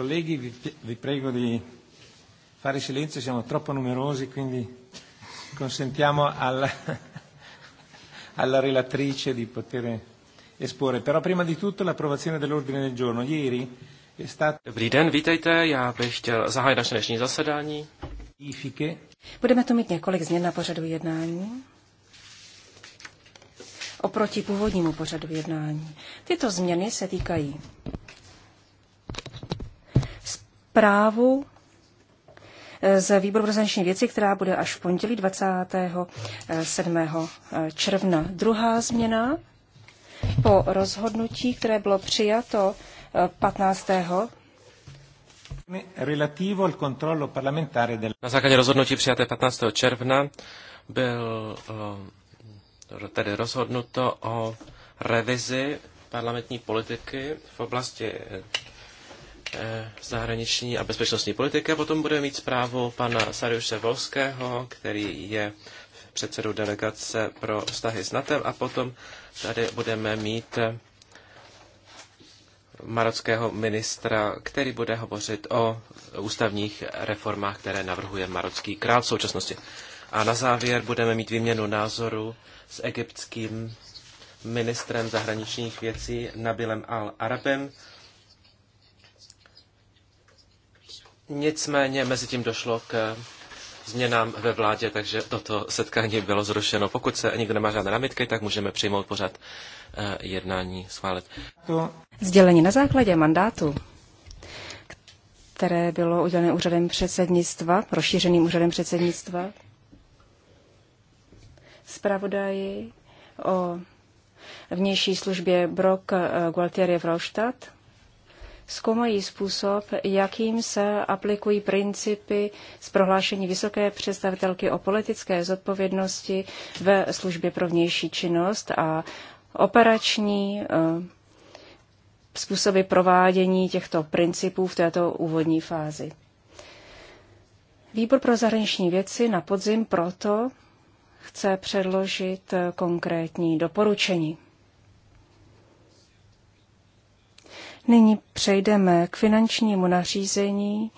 Colleghi, vi, vi prego di fare silenzio, siamo troppo numerosi, quindi consentiamo alla, alla relatrice di poter esporre. Però prima di tutto l'approvazione dell'ordine del giorno. Ieri è stato... Dobrý den, vítejte, já bych chtěl zahájit naše dnešní zasedání. Budeme tu mít několik změn na pořadu jednání oproti původnímu pořadu jednání. Tyto změny se týkají zprávu eh, z výboru pro zahraniční věci, která bude až v pondělí 27. Eh, června. Druhá změna po rozhodnutí, které bylo přijato 15. Eh, Na základě rozhodnutí přijaté 15. června byl tedy rozhodnuto o revizi parlamentní politiky v oblasti Eh, zahraniční a bezpečnostní politiky. Potom budeme mít zprávu pana Sariuše Volského, který je předsedou delegace pro vztahy s NATO a potom tady budeme mít eh, marockého ministra, který bude hovořit o ústavních reformách, které navrhuje marocký král v současnosti. A na závěr budeme mít výměnu názoru s egyptským ministrem zahraničních věcí Nabilem Al-Arabem, Nicméně mezi tím došlo k změnám ve vládě, takže toto setkání bylo zrušeno. Pokud se nikdo nemá žádné námitky, tak můžeme přijmout pořád eh, jednání schválit. Sdělení na základě mandátu které bylo udělené úřadem předsednictva, rozšířeným úřadem předsednictva. Zpravodaji o vnější službě Brok eh, Gualtieri v Rolstadt zkoumají způsob, jakým se aplikují principy z prohlášení vysoké představitelky o politické zodpovědnosti ve službě pro vnější činnost a operační eh, způsoby provádění těchto principů v této úvodní fázi. Výbor pro zahraniční věci na podzim proto chce předložit eh, konkrétní doporučení. Nyní přejdeme k finančnímu nařízení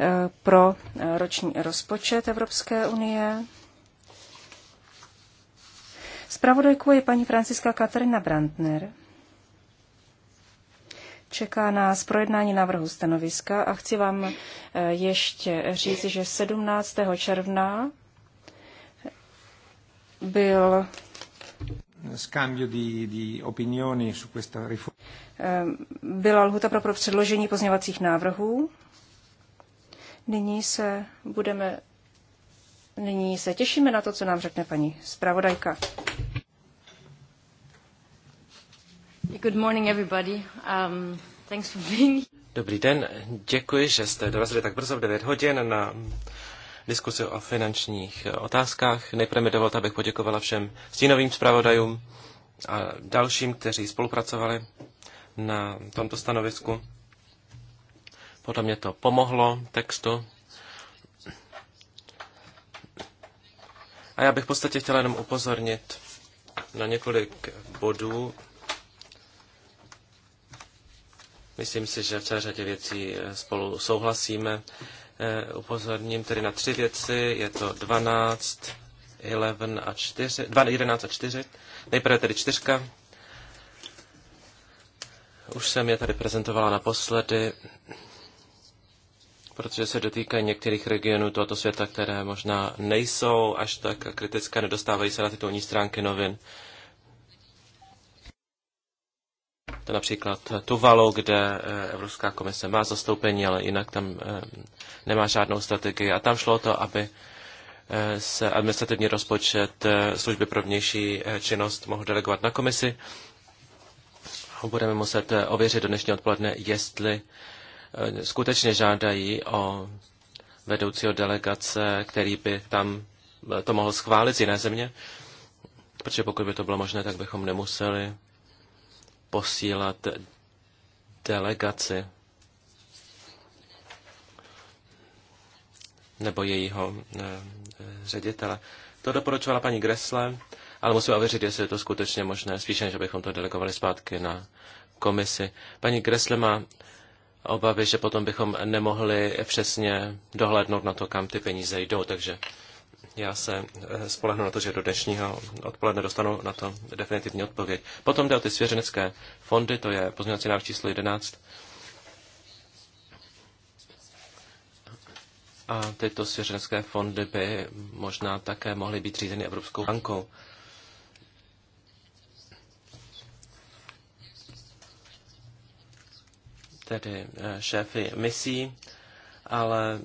eh, pro eh, roční rozpočet Evropské unie. Spravodajkou je paní Franciska Katarina Brandner. Čeká nás projednání návrhu stanoviska a chci vám eh, ještě říct, že 17. června byl scambio di, di opinioni su questa riforma. Eh, byla lhuta pro, předložení pozměňovacích návrhů. Nyní se budeme Nyní se těšíme na to, co nám řekne paní zpravodajka. Good morning everybody. Um, thanks for being... Dobrý den, děkuji, že jste dorazili tak brzo v 9 hodin na diskusi o finančních eh, otázkách. Nejprve mi dovolte, abych poděkovala všem stínovým zpravodajům a dalším, kteří spolupracovali na tomto stanovisku. Podle mě to pomohlo textu. A já bych v podstatě chtěla jenom upozornit na několik bodů. Myslím si, že v celé řadě věcí eh, spolu souhlasíme. Eh, upozorním tedy na tři věci. Je to 12, 11 a 4. 2, 11 a 4. Nejprve tedy čtyřka. Už jsem je tady prezentovala naposledy, protože se dotýkají některých regionů tohoto světa, které možná nejsou až tak kritické, nedostávají se na titulní stránky novin. To například Tuvalu, kde eh, Evropská komise má zastoupení, ale jinak tam eh, nemá žádnou strategii. A tam šlo o to, aby eh, se administrativní rozpočet služby pro vnější činnost mohl delegovat na komisi. Budeme muset ověřit do dnešního odpoledne, jestli skutečně žádají o vedoucího delegace, který by tam to mohl schválit z jiné země. Protože pokud by to bylo možné, tak bychom nemuseli posílat delegaci nebo jejího eh, eh, ředitele. To doporučovala paní Gressle, ale musíme ověřit, jestli je to skutečně možné, spíše než abychom to delegovali zpátky na komisi. Paní Gressle má obavy, že potom bychom nemohli přesně dohlédnout na to, kam ty peníze jdou, takže já se eh, spolehnu na to, že do dnešního odpoledne dostanu na to definitivní odpověď. Potom jde o ty svěřenecké fondy, to je pozměňovací návrh číslo 11. A tyto svěřenské fondy by možná také mohly být řízeny Evropskou bankou. Tedy eh, šéfy misí, ale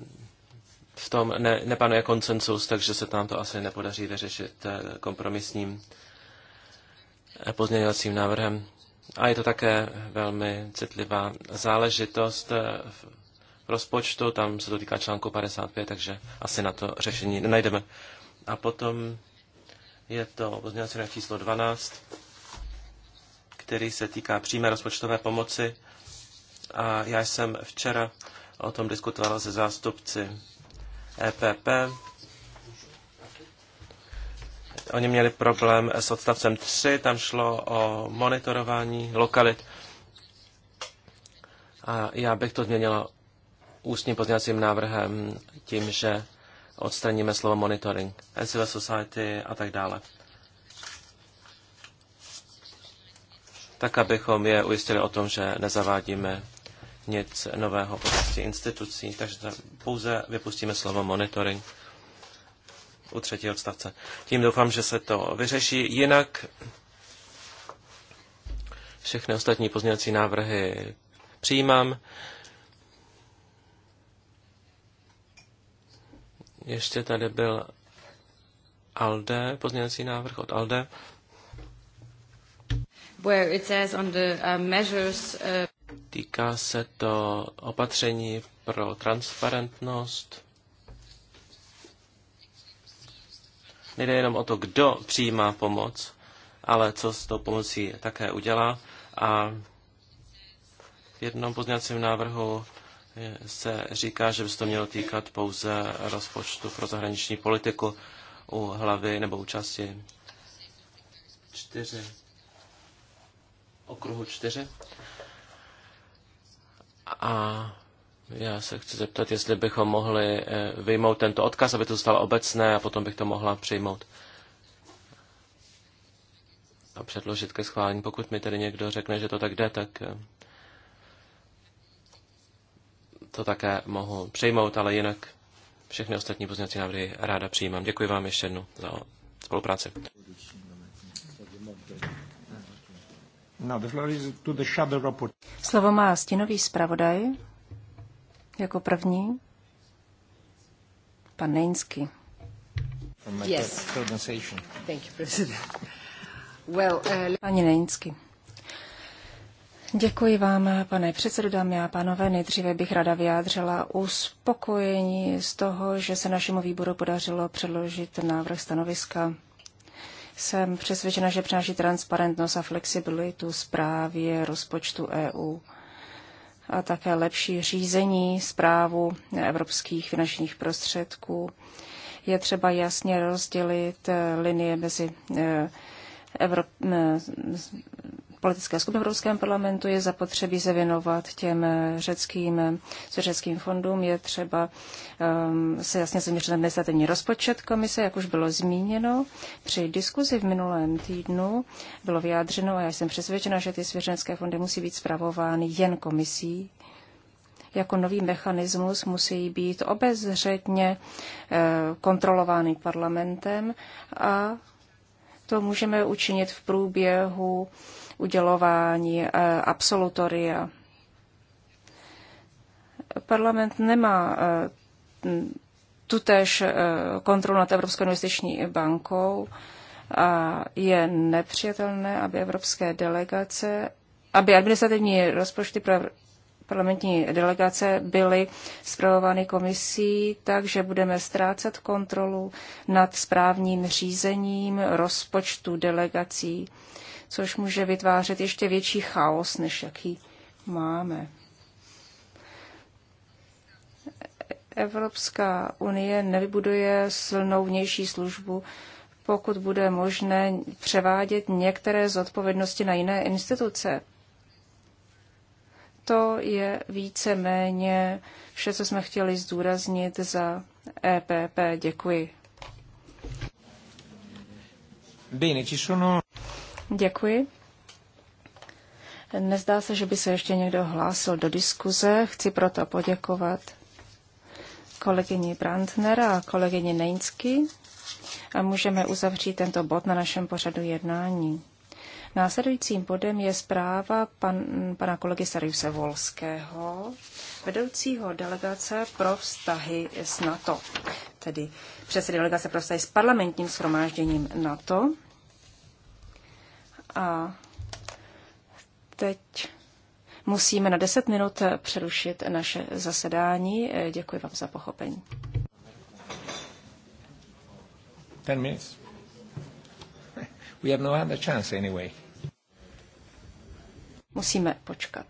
v tom ne, nepanuje koncensus, takže se tam to asi nepodaří vyřešit eh, kompromisním eh, pozměňovacím návrhem. A je to také velmi citlivá záležitost eh, v rozpočtu, tam se to týká článku 55, takže asi na to řešení nenajdeme. A potom je to pozměňovací návrh číslo 12, který se týká přímé rozpočtové pomoci. A já jsem včera o tom diskutoval se zástupci EPP. Oni měli problém s odstavcem 3, tam šlo o monitorování lokalit. A já bych to změnila ústním pozněvacím návrhem tím, že odstraníme slovo monitoring, civil society a tak dále. Tak, abychom je ujistili o tom, že nezavádíme nic nového v oblasti institucí, takže pouze vypustíme slovo monitoring u třetího odstavce. Tím doufám, že se to vyřeší. Jinak všechny ostatní pozměňovací návrhy přijímám. Ještě tady byl ALDE, pozměňovací návrh od ALDE. Where it says on the uh, measures, uh... Týká se to opatření pro transparentnost. Nejde jenom o to, kdo přijímá pomoc, ale co s tou pomocí také udělá. A v jednom pozněcím návrhu se říká, že by se to mělo týkat pouze rozpočtu pro zahraniční politiku u hlavy nebo účasti čtyři. Okruhu čtyři. A já se chci zeptat, jestli bychom mohli eh, vyjmout tento odkaz, aby to zůstalo obecné a potom bych to mohla přijmout a předložit ke schválení. Pokud mi tedy někdo řekne, že to tak jde, tak eh, to také mohu přijmout, ale jinak všechny ostatní pozměňovací návrhy ráda přijímám. Děkuji vám ještě jednou za spolupráci. No, Slovo má stinový zpravodaj jako první. Pan Nejnsky. Thank you, President. Well, uh, Pani Nejnsky. Děkuji vám, pane předsedo, dámy a pánové. Nejdříve bych rada vyjádřila uspokojení z toho, že se našemu výboru podařilo předložit návrh stanoviska jsem přesvědčena, že přináší transparentnost a flexibilitu zprávě rozpočtu EU a také lepší řízení zprávu evropských finančních prostředků. Je třeba jasně rozdělit eh, linie mezi eh, Evrop, politické skupiny v Evropském parlamentu je zapotřebí se věnovat těm řeckým, řeckým fondům. Je třeba um, se jasně zaměřit na administrativní rozpočet komise, jak už bylo zmíněno. Při diskuzi v minulém týdnu bylo vyjádřeno, a já jsem přesvědčena, že ty svěřenské fondy musí být zpravovány jen komisí, jako nový mechanismus musí být obezřetně eh, kontrolovány parlamentem a to můžeme učinit v průběhu udělování eh, absolutoria. Parlament nemá eh, tutéž eh, kontrolu nad Evropskou investiční bankou a je nepřijatelné, aby evropské delegace, aby administrativní rozpočty pro parlamentní delegace byly zpravovány komisí, takže budeme ztrácet kontrolu nad správním řízením rozpočtu delegací což může vytvářet ještě větší chaos, než jaký máme. Evropská unie nevybuduje silnou vnější službu, pokud bude možné převádět některé zodpovědnosti na jiné instituce. To je víceméně vše, co jsme chtěli zdůraznit za EPP. Děkuji. Bene, ci sono... Děkuji. Nezdá se, že by se ještě někdo hlásil do diskuze. Chci proto poděkovat kolegyni Brandner a kolegyni Nejnsky a můžeme uzavřít tento bod na našem pořadu jednání. Následujícím bodem je zpráva pan, pana kolegy Sariuse Volského, vedoucího delegace pro vztahy s NATO, tedy předsedy delegace pro vztahy s parlamentním schromážděním NATO a teď musíme na 10 minut přerušit naše zasedání. Děkuji vám za pochopení. Ten minutes. We have no other chance anyway. Musíme počkat.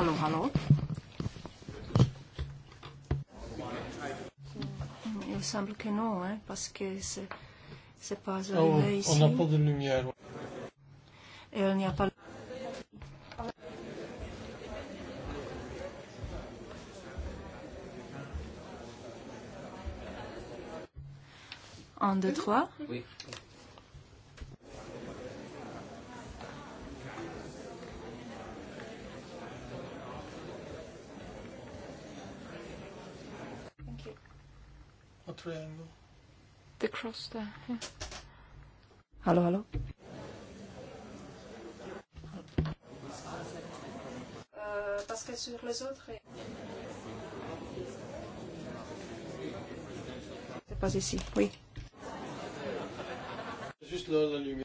Halo, halo. Il semble que non, hein, parce que c'est, c'est pas arrivé oh, ici. On n'a pas de lumière. Et il n'y a pas Un, deux, trois. Oui. across there. Šoste. Hello, halo. Eh, parce que sur les autres. C'est pas ici, oui. Juste la, la lumière.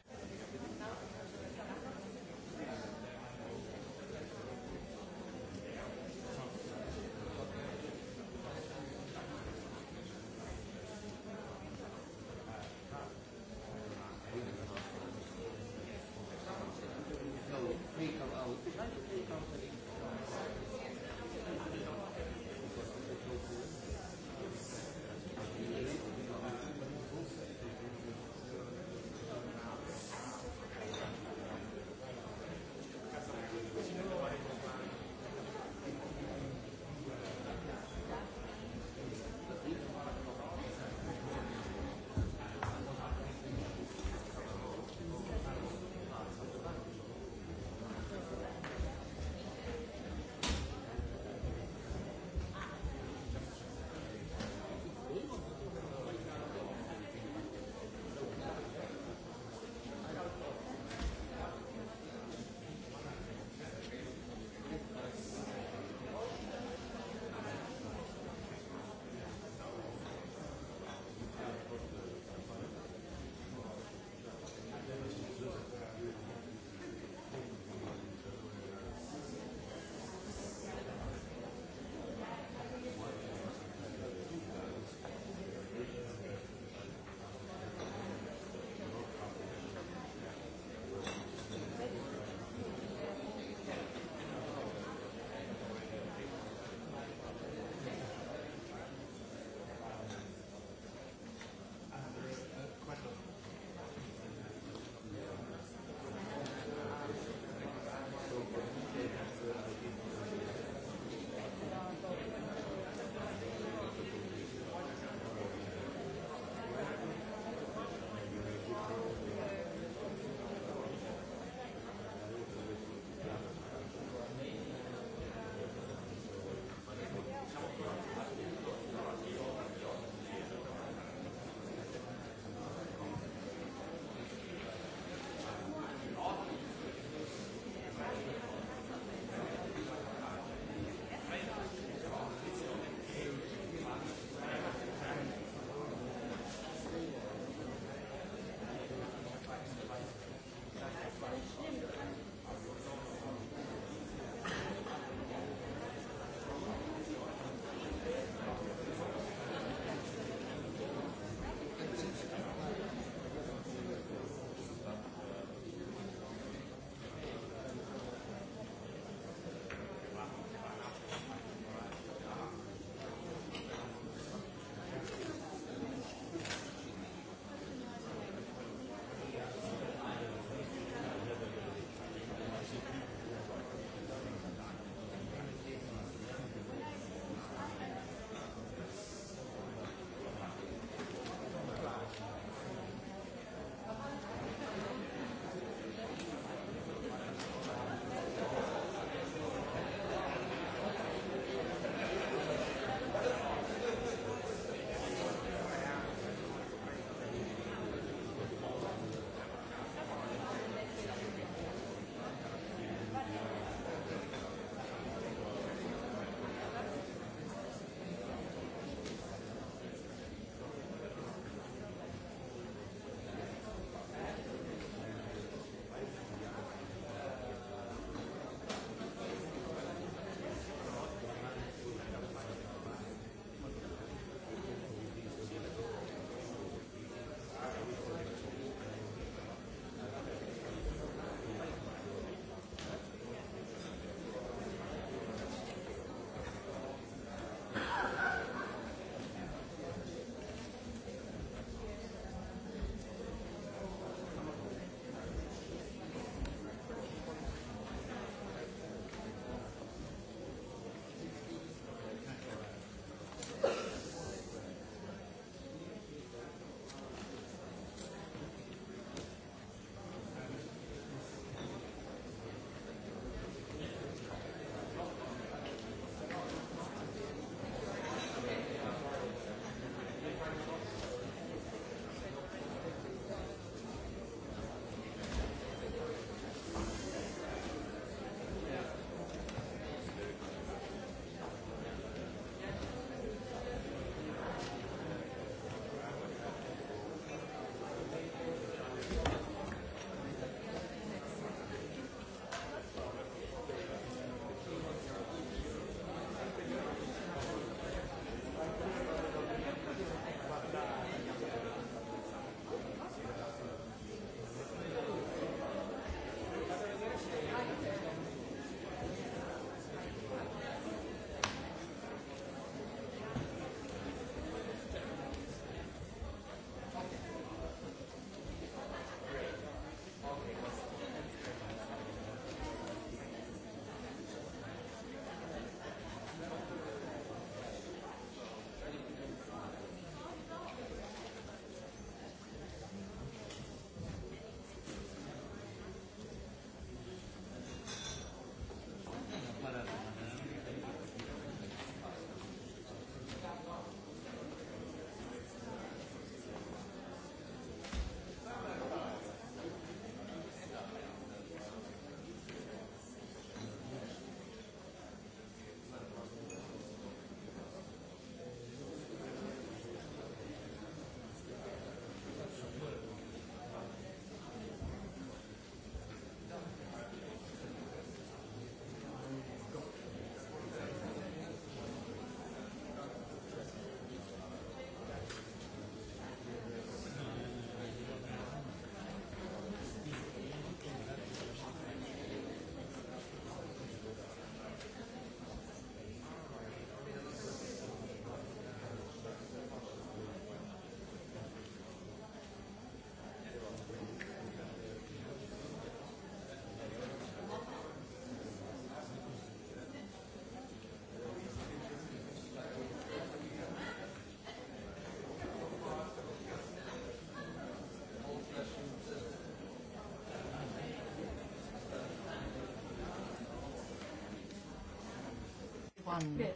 one.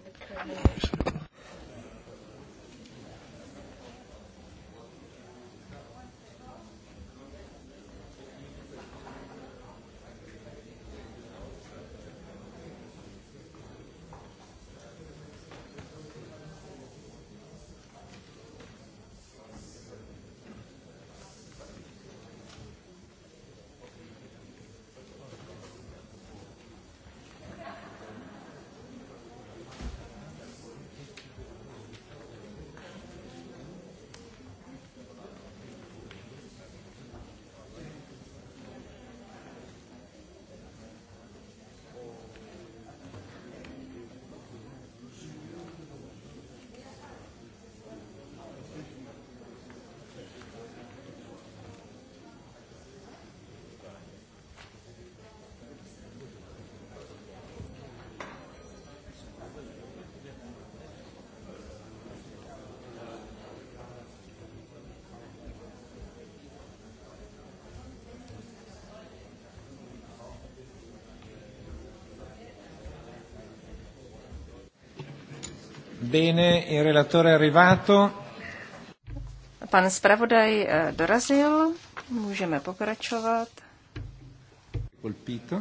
Bene, il relatore è arrivato. Pan zpravodaj eh, dorazil, můžeme pokračovat. Colpito.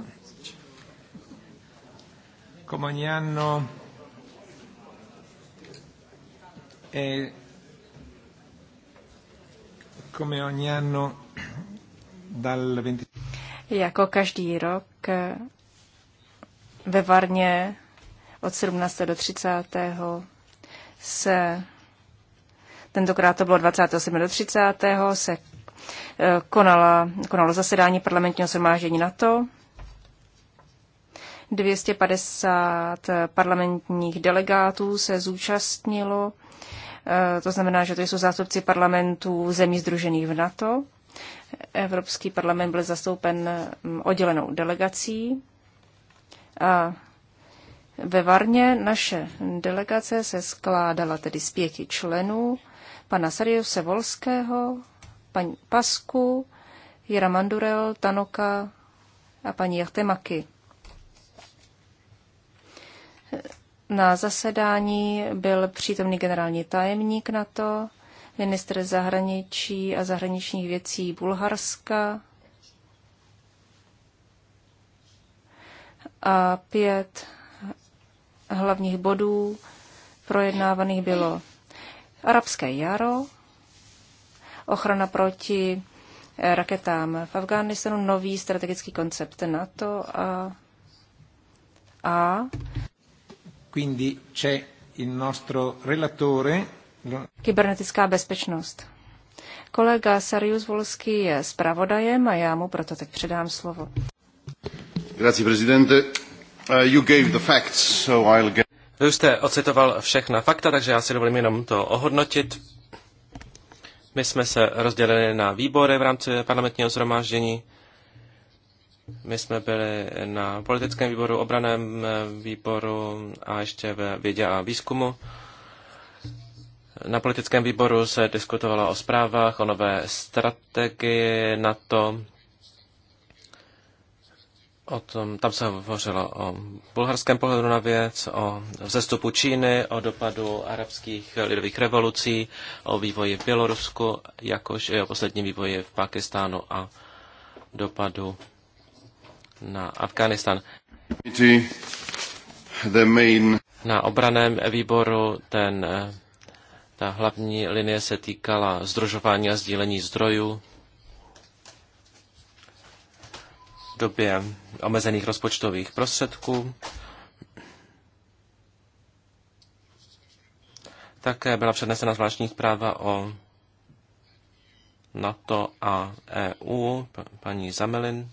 Come ogni anno è come ogni anno dal 20... Jako každý rok eh, ve Varně od 17. do 30. se tentokrát to bylo 27. do 30. se eh, konala, konalo zasedání parlamentního shromáždění NATO. 250 eh, parlamentních delegátů se zúčastnilo, eh, to znamená, že to jsou zástupci parlamentů zemí združených v NATO. Evropský parlament byl zastoupen mm, oddělenou delegací a ve Varně naše delegace se skládala tedy z pěti členů, pana Sariuse Volského, paní Pasku, Jira Mandurel, Tanoka a paní Jachtemaky. Na zasedání byl přítomný generální tajemník NATO, ministr zahraničí a zahraničních věcí Bulharska a pět hlavních bodů projednávaných bylo arabské jaro, ochrana proti eh, raketám v Afghánistánu, nový strategický koncept NATO a a Quindi c'è il nostro relatore. Kybernetická bezpečnost. Kolega Sarius Volský je zpravodajem a já mu proto teď předám slovo. Grazie, presidente. Uh, Vy už jste ocitoval všechna fakta, takže já si dovolím jenom to ohodnotit. My jsme se rozdělili na výbory v rámci parlamentního zhromáždění. My jsme byli na politickém výboru, obraném výboru a ještě ve vědě a výzkumu. Na politickém výboru se diskutovalo o zprávách, o nové strategii NATO O tom, tam se hovořilo o bulharském pohledu na věc, o vzestupu Číny, o dopadu arabských lidových revolucí, o vývoji v Bělorusku, jakož i o posledním vývoji v Pakistánu a dopadu na Afganistan. Na obraném výboru ten, ta hlavní linie se týkala združování a sdílení zdrojů, době omezených rozpočtových prostředků. Také byla přednesena zvláštní zpráva o NATO a EU, paní Zamelin.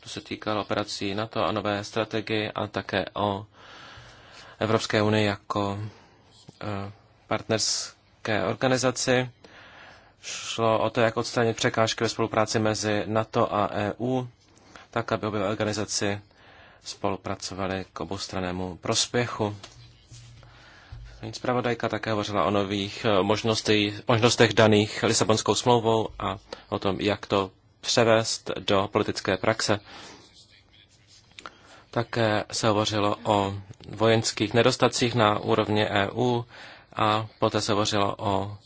To se týkalo operací NATO a nové strategie a také o Evropské unii jako e, partnerské organizaci. Šlo o to, jak odstranit překážky ve spolupráci mezi NATO a EU, tak aby obě organizaci spolupracovaly k oboustranému prospěchu. Paní zpravodajka také hovořila o nových eh, možnostech, možnostech daných Lisabonskou smlouvou a o tom, jak to převést do politické praxe. Také se hovořilo o vojenských nedostacích na úrovni EU a poté se hovořilo o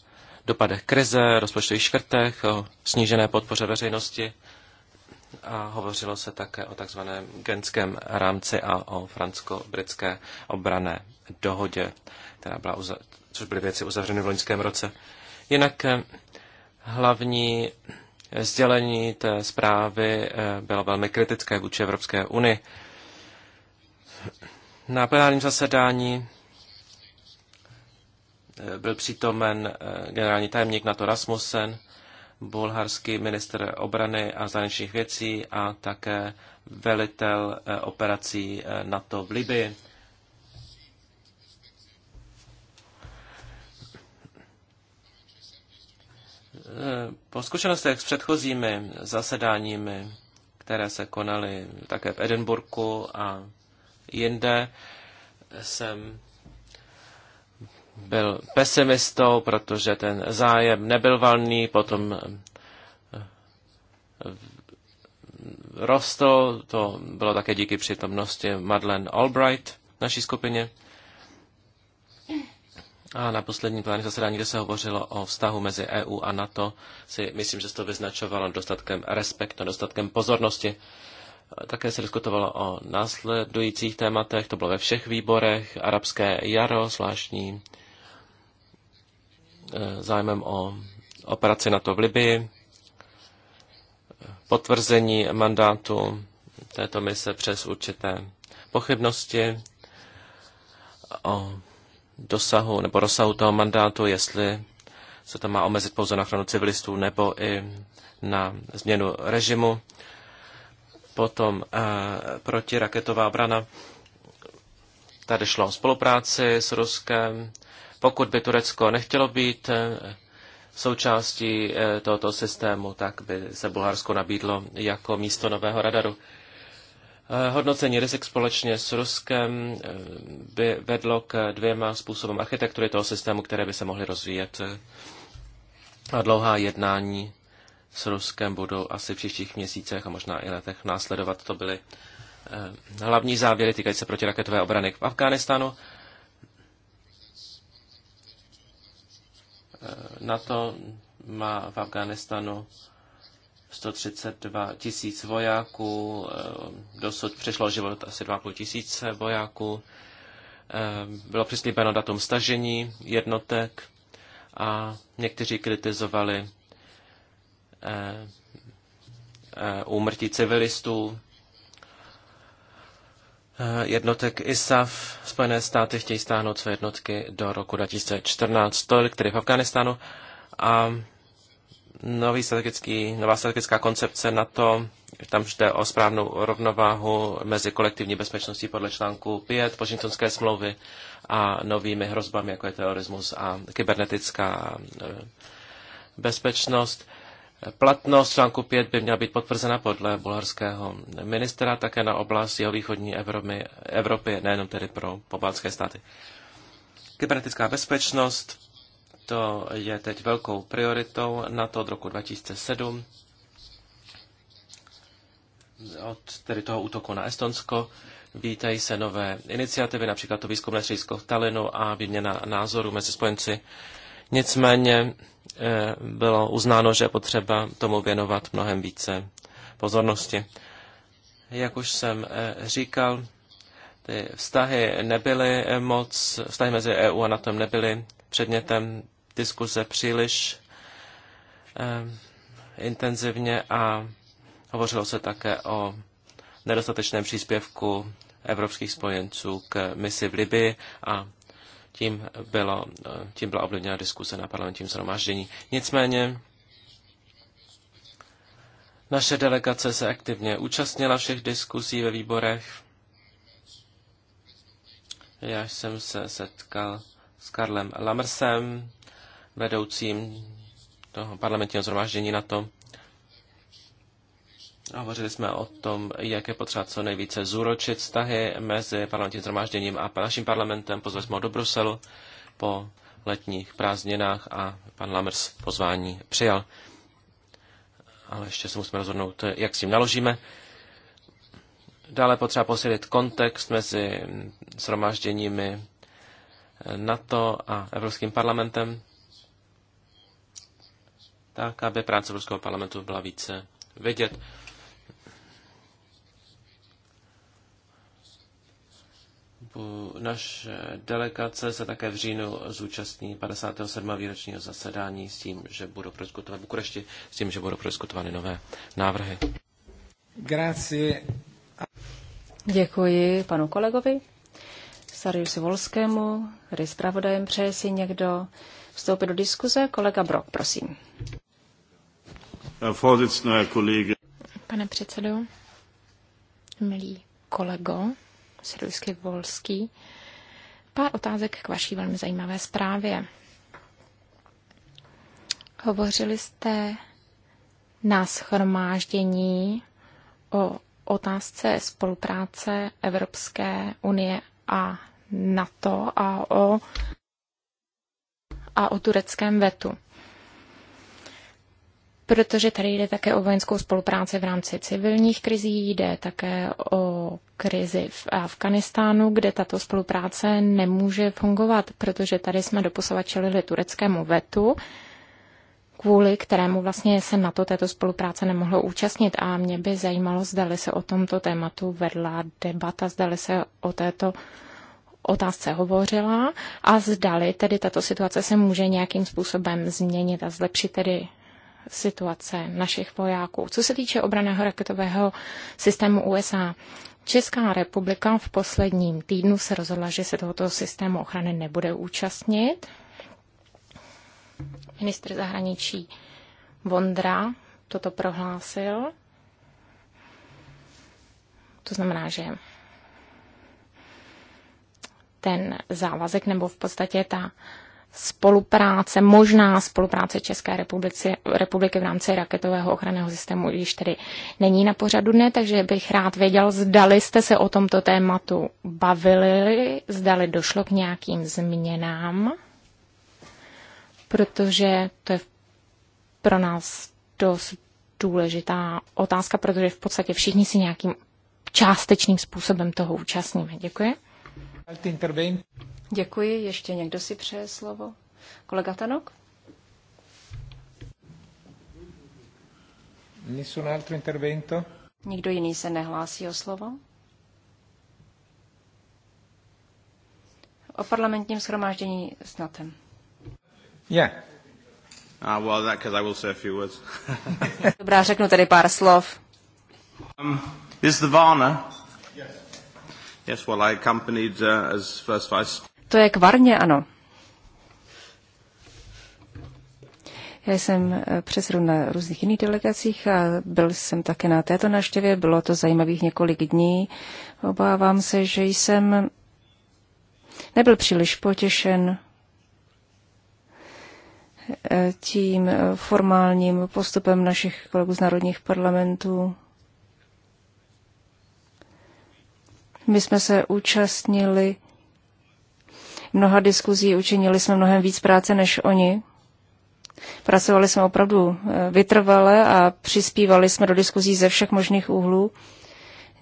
dopadech krize, rozpočtových škrtech, o snížené podpoře veřejnosti a hovořilo se také o takzvaném genském rámci a o franco-britské obrané dohodě, která byla uzav- což byly věci uzavřeny v loňském roce. Jinak eh, hlavní sdělení té zprávy eh, bylo velmi kritické vůči Evropské unii. Na plenárním zasedání byl přítomen eh, generální tajemník NATO Rasmussen, bulharský minister obrany a zahraničních věcí a také velitel eh, operací eh, NATO v Libii. Po zkušenostech s předchozími zasedáními, které se konaly také v Edinburgu a jinde, jsem byl pesimistou, protože ten zájem nebyl valný, potom eh, rostl, to bylo také díky přítomnosti Madeleine Albright v naší skupině. A na posledním plánu zasedání, kde se hovořilo o vztahu mezi EU a NATO, si myslím, že se to vyznačovalo dostatkem respektu, dostatkem pozornosti. Také se diskutovalo o následujících tématech, to bylo ve všech výborech, arabské jaro, zvláštní Eh, zájmem o operaci NATO v Libii, potvrzení mandátu této mise přes určité pochybnosti o dosahu nebo rozsahu toho mandátu, jestli se to má omezit pouze na ochranu civilistů nebo i na změnu režimu. Potom e, protiraketová obrana. Tady šlo o spolupráci s Ruskem, pokud by Turecko nechtělo být eh, součástí eh, tohoto systému, tak by se Bulharsko nabídlo jako místo nového radaru. Eh, hodnocení rizik společně s Ruskem by vedlo k dvěma způsobům architektury toho systému, které by se mohly rozvíjet. A dlouhá jednání s Ruskem budou asi v příštích měsících a možná i letech následovat. To byly hlavní závěry týkající se protiraketové obrany v Afghánistánu. NATO má v Afganistanu 132 tisíc vojáků, eh, dosud přišlo život asi 2,5 tisíce vojáků, eh, bylo přislíbeno datum stažení jednotek a někteří kritizovali eh, úmrtí civilistů Eh, jednotek ISAF. Spojené státy chtějí stáhnout své jednotky do roku 2014, tolik tedy v Afganistánu. A nový strategický, nová strategická koncepce na to, tam jde o správnou rovnováhu mezi kolektivní bezpečností podle článku 5 Washingtonské smlouvy a novými hrozbami, jako je terorismus a kybernetická eh, bezpečnost. Platnost článku 5 by měla být potvrzena podle bulharského ministra také na oblast jeho východní Evropy, Evropy nejenom tedy pro pobaltské státy. Kybernetická bezpečnost, to je teď velkou prioritou na to od roku 2007, od tedy toho útoku na Estonsko. Vítají se nové iniciativy, například to výzkumné středisko v Talinu a výměna názorů mezi spojenci Nicméně eh, bylo uznáno, že je potřeba tomu věnovat mnohem více pozornosti. Jak už jsem eh, říkal, ty vztahy nebyly eh, moc, vztahy mezi EU a NATO nebyly předmětem diskuze příliš intenzivně a hovořilo se také o nedostatečném příspěvku evropských spojenců k misi v Libii a tím, bylo, tím byla ovlivněna diskuse na parlamentním zhromáždění. Nicméně naše delegace se aktivně účastnila všech diskusí ve výborech. Já jsem se setkal s Karlem Lamersem, vedoucím toho parlamentního zhromáždění tom. Hovořili jsme o tom, jak je potřeba co nejvíce zúročit vztahy mezi parlamentním zhromážděním a naším parlamentem. Pozvali jsme ho do Bruselu po letních prázdninách a pan Lamers pozvání přijal. Ale ještě se musíme rozhodnout, jak s tím naložíme. Dále potřeba posílit kontext mezi zhromážděními NATO a Evropským parlamentem, tak aby práce Evropského parlamentu byla více vidět. Naše delegace se také v říjnu zúčastní 57. výročního zasedání s tím, že budou prodiskutovány Bukurešti, s tím, že budou prodiskutovány nové návrhy. Grazie. Děkuji panu kolegovi Sariusi Volskému, který zpravodajem přeje si někdo vstoupit do diskuze. Kolega Brok, prosím. Pane předsedo, milí kolego, Sedlsky Volský. Pár otázek k vaší velmi zajímavé zprávě. Hovořili jste na schromáždění o otázce spolupráce Evropské unie a NATO a o, a o tureckém vetu protože tady jde také o vojenskou spolupráci v rámci civilních krizí, jde také o krizi v Afganistánu, kde tato spolupráce nemůže fungovat, protože tady jsme doposovat čelili tureckému vetu, kvůli kterému vlastně se na to této spolupráce nemohlo účastnit a mě by zajímalo, zdali se o tomto tématu vedla debata, zdali se o této otázce hovořila a zdali tedy tato situace se může nějakým způsobem změnit a zlepšit tedy situace našich vojáků. Co se týče obraného raketového systému USA, Česká republika v posledním týdnu se rozhodla, že se tohoto systému ochrany nebude účastnit. Ministr zahraničí Vondra toto prohlásil. To znamená, že ten závazek nebo v podstatě ta spolupráce, možná spolupráce České republiky, republiky v rámci raketového ochranného systému již tedy není na pořadu dne, takže bych rád věděl, zdali jste se o tomto tématu bavili, zdali došlo k nějakým změnám, protože to je pro nás dost důležitá otázka, protože v podstatě všichni si nějakým částečným způsobem toho účastníme. Děkuji. Děkuji. Ještě někdo si přeje slovo? Kolega Tanok? Nessun altro intervento? Nikdo jiný se nehlásí o slovo? O parlamentním schromáždění s NATem. Yeah. well, that because I will say a few words. Dobrá, řeknu tedy pár slov. Um, is the Varna. Yes. Yes, well, I accompanied uh, as first vice to je kvarně, ano. Já jsem eh, předsedu na různých jiných delegacích a byl jsem také na této návštěvě. Bylo to zajímavých několik dní. Obávám se, že jsem nebyl příliš potěšen eh, tím eh, formálním postupem našich kolegů z národních parlamentů. My jsme se účastnili mnoha diskuzí, učinili jsme mnohem víc práce než oni. Pracovali jsme opravdu eh, vytrvale a přispívali jsme do diskuzí ze všech možných úhlů.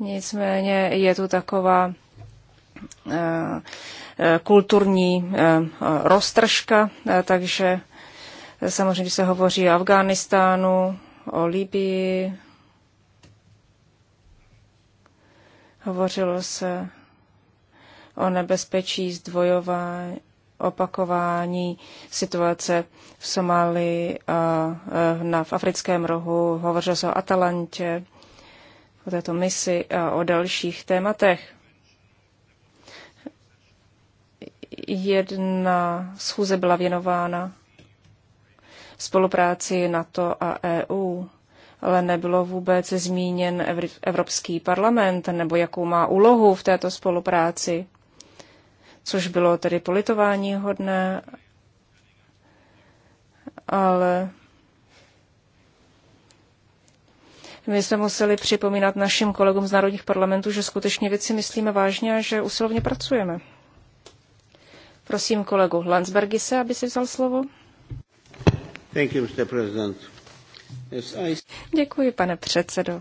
Nicméně je tu taková eh, eh, kulturní roztržka, takže samozřejmě, když se hovoří o Afghánistánu, o Libii, hovořilo se o nebezpečí zdvojování, opakování situace v Somálii a e, na, v africkém rohu. Hovořil se o Atalantě, o této misi a o dalších tématech. Jedna schůze byla věnována spolupráci NATO a EU, ale nebylo vůbec zmíněn Evropský parlament nebo jakou má úlohu v této spolupráci což bylo tedy politování hodné, ale my jsme museli připomínat našim kolegům z národních parlamentů, že skutečně věci myslíme vážně a že usilovně pracujeme. Prosím kolegu Landsbergise, aby si vzal slovo. Thank you, Mr. President. Yes, I... Děkuji, pane předsedo.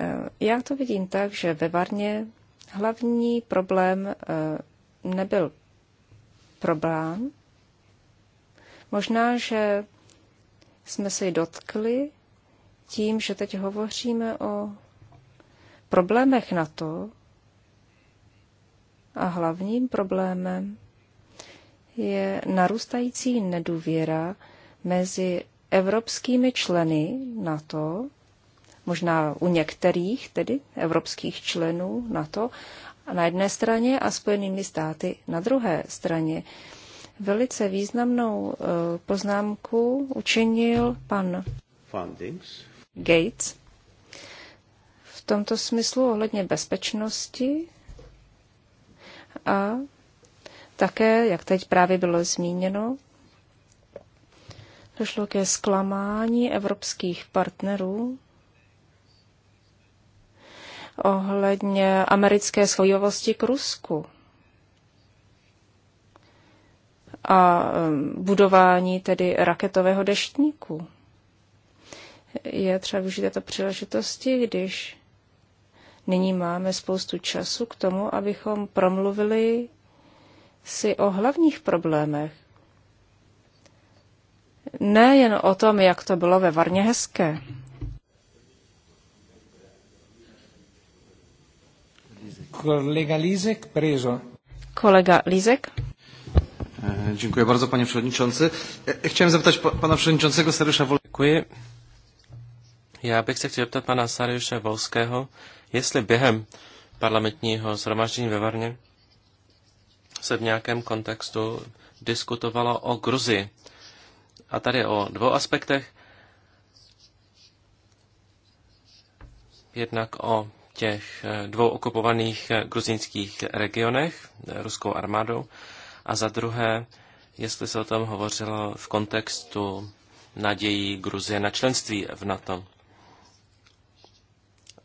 Eh, já to vidím tak, že ve Varně hlavní problém eh, nebyl problém. Možná, že jsme se dotkli tím, že teď hovoříme o problémech na to a hlavním problémem je narůstající nedůvěra mezi evropskými členy na to možná u některých tedy evropských členů na to na jedné straně a Spojenými státy na druhé straně. Velice významnou eh, poznámku učinil pan Gates v tomto smyslu ohledně bezpečnosti a také, jak teď právě bylo zmíněno, došlo ke zklamání evropských partnerů ohledně americké schojivosti k Rusku a um, budování tedy raketového deštníku. Je třeba využít této příležitosti, když nyní máme spoustu času k tomu, abychom promluvili si o hlavních problémech. Ne jen o tom, jak to bylo ve Varně hezké. Kolega Lizek, preso. Kolega Lizek. Eh, dziękuję bardzo, panie przewodniczący. E, e, chciałem zapytać pana przewodniczącego Sarysza Wolskiego. Dziękuję. Já bych se chtěl zeptat pana Saryše Volského, jestli během parlamentního shromáždění ve Varně se v nějakém kontextu diskutovalo o Gruzii. A tady o dvou aspektech. Jednak o těch eh, dvou okupovaných eh, gruzínských regionech eh, ruskou armádou a za druhé, jestli se o tom hovořilo v kontextu nadějí Gruzie na členství v NATO.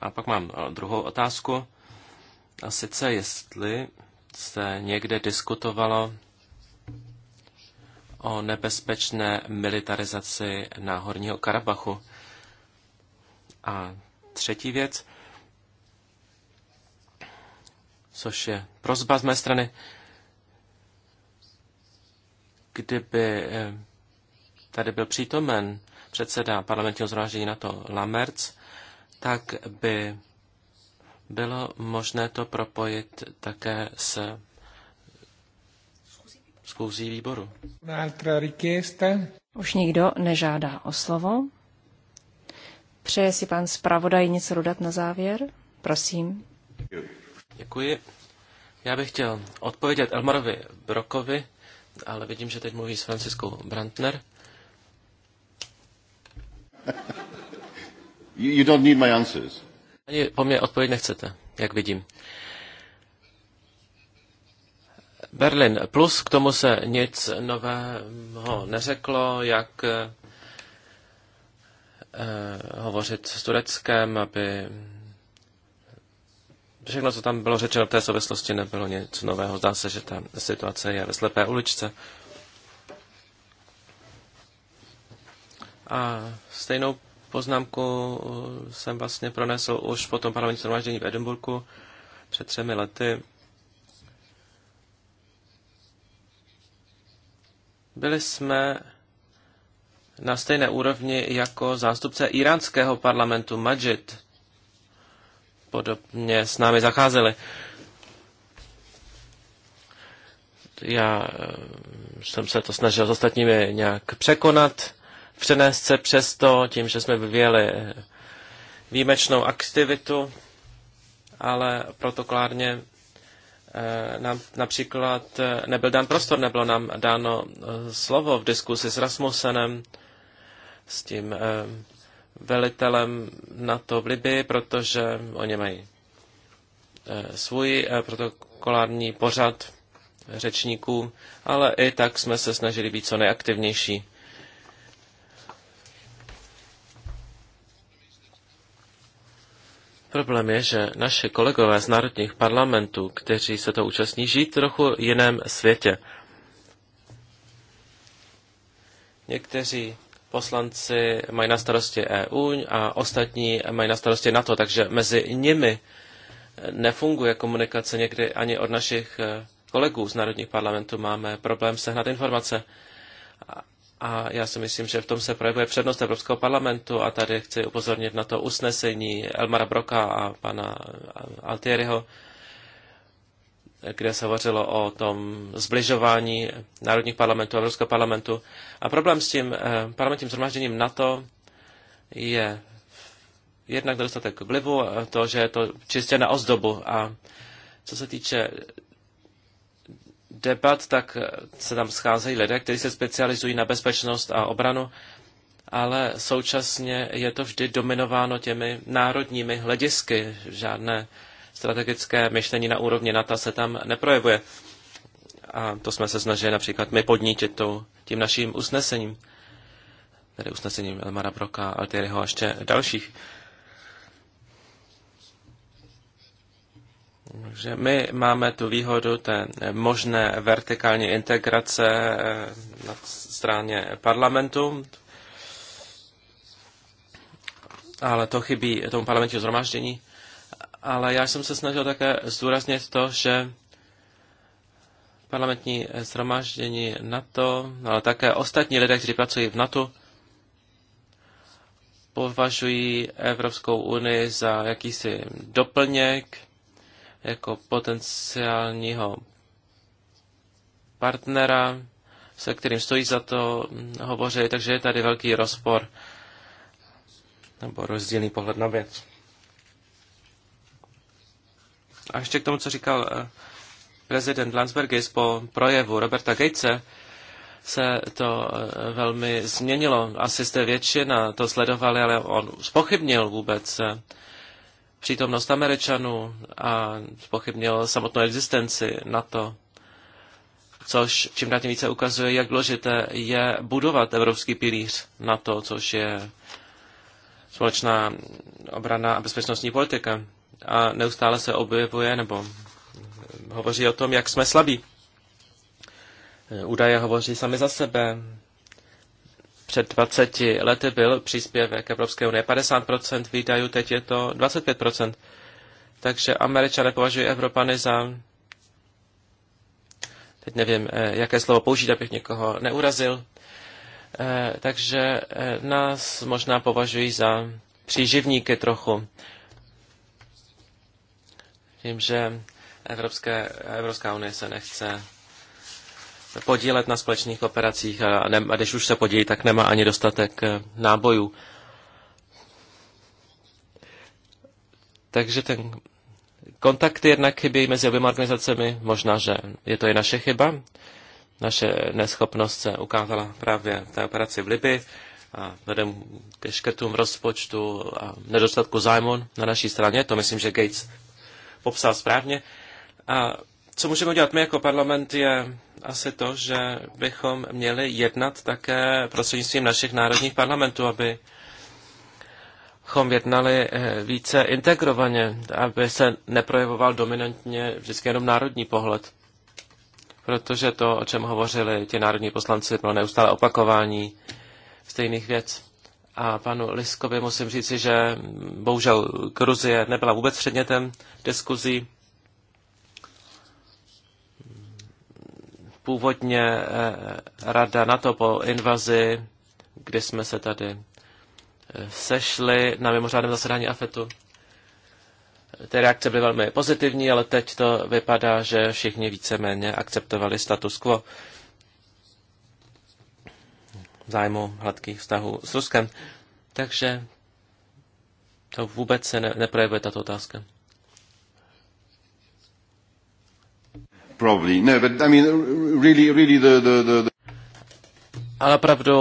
A pak mám druhou otázku, a sice jestli se někde diskutovalo o nebezpečné militarizaci Náhorního Karabachu. A třetí věc, což je prozba z mé strany, kdyby eh, tady byl přítomen předseda parlamentního zhromáždění to Lamerc, tak by bylo možné to propojit také s schůzí výboru. Už nikdo nežádá o slovo. Přeje si pan zpravodaj něco dodat na závěr? Prosím. Děkuji. Já bych chtěl odpovědět Elmarovi Brokovi, ale vidím, že teď mluví s Franciskou Brantner. You don't need my answers. Ani po mě odpověď nechcete, jak vidím. Berlin plus, k tomu se nic nového neřeklo, jak eh, hovořit s Tureckem, aby všechno, co tam bylo řečeno v té souvislosti, nebylo nic nového. Zdá se, že ta situace je ve slepé uličce. A stejnou poznámku jsem vlastně pronesl už po tom parlamentním shromáždění v Edinburgu před třemi lety. Byli jsme na stejné úrovni jako zástupce iránského parlamentu Majid, podobně s námi zacházeli. Já eh, jsem se to snažil s ostatními nějak překonat, přenést se přesto tím, že jsme vyvíjeli eh, výjimečnou aktivitu, ale protokolárně eh, nám například nebyl dán prostor, nebylo nám dáno slovo v diskusi s Rasmusenem, s tím velitelem NATO v Libii, protože oni mají eh, svůj eh, protokolární pořad řečníků, ale i tak jsme se snažili být co nejaktivnější. Problém je, že naše kolegové z národních parlamentů, kteří se to účastní, žijí v trochu jiném světě. Někteří poslanci mají na starosti EU a ostatní mají na starosti NATO, takže mezi nimi nefunguje komunikace někdy ani od našich eh, kolegů z národních parlamentů. Máme problém sehnat informace. A já si myslím, že v tom se projevuje přednost Evropského parlamentu a tady chci upozornit na to usnesení Elmara Broka a pana Altieriho, kde se hovořilo o tom zbližování národních parlamentů a Evropského parlamentu. A problém s tím eh, parlamentním zhromažděním NATO je jednak nedostatek vlivu, eh, to, že je to čistě na ozdobu. A co se týče debat, tak eh, se tam scházejí lidé, kteří se specializují na bezpečnost a obranu, ale současně je to vždy dominováno těmi národními hledisky. Žádné strategické myšlení na úrovni NATO se tam neprojevuje. A to jsme se snažili například my podnítit tím naším usnesením, tedy usnesením Elmara Broka, Altieriho a ještě dalších. Takže my máme tu výhodu té možné vertikální integrace eh, na straně parlamentu, ale to chybí tomu Parlamentu zhromáždění ale já jsem se snažil také zdůraznit to, že parlamentní shromáždění NATO, ale také ostatní lidé, kteří pracují v NATO, považují Evropskou unii za jakýsi doplněk jako potenciálního partnera, se kterým stojí za to hovořit, takže je tady velký rozpor nebo rozdílný pohled na věc. A ještě k tomu, co říkal eh, prezident Landsbergis po projevu Roberta Gatese, se to eh, velmi změnilo. Asi jste většina to sledovali, ale on spochybnil vůbec eh, přítomnost Američanů a spochybnil samotnou existenci NATO, což čím dál tím více ukazuje, jak důležité je budovat evropský pilíř NATO, což je společná obrana a bezpečnostní politika a neustále se objevuje nebo hovoří o tom, jak jsme slabí. Údaje hovoří sami za sebe. Před 20 lety byl příspěvek Evropské unie 50% výdajů, teď je to 25%. Takže američané považují Evropany za teď nevím, eh, jaké slovo použít, abych někoho neurazil. Eh, takže eh, nás možná považují za příživníky trochu tím, že Evropské, Evropská unie se nechce podílet na společných operacích a, ne, a když už se podílí, tak nemá ani dostatek eh, nábojů. Takže ten kontakt jednak chybí mezi oběma organizacemi, možná, že je to i naše chyba. Naše neschopnost se ukázala právě v té operaci v Libii a vedem ke škrtům rozpočtu a nedostatku zájmu na naší straně. To myslím, že Gates popsal správně. A co můžeme udělat my jako parlament je asi to, že bychom měli jednat také prostřednictvím našich národních parlamentů, aby chom jednali eh, více integrovaně, aby se neprojevoval dominantně vždycky jenom národní pohled. Protože to, o čem hovořili ti národní poslanci, bylo neustále opakování stejných věcí. A panu Liskovi musím říci, že bohužel Gruzie nebyla vůbec předmětem diskuzí. Původně eh, rada NATO po invazi, kdy jsme se tady eh, sešli na mimořádném zasedání AFETu, ty reakce byly velmi pozitivní, ale teď to vypadá, že všichni víceméně akceptovali status quo v zájmu hladkých vztahů s Ruskem. Takže to vůbec se ne, neprojevuje tato otázka. Probably. No, but I mean, really, really the, the, the, the... Ale pravdu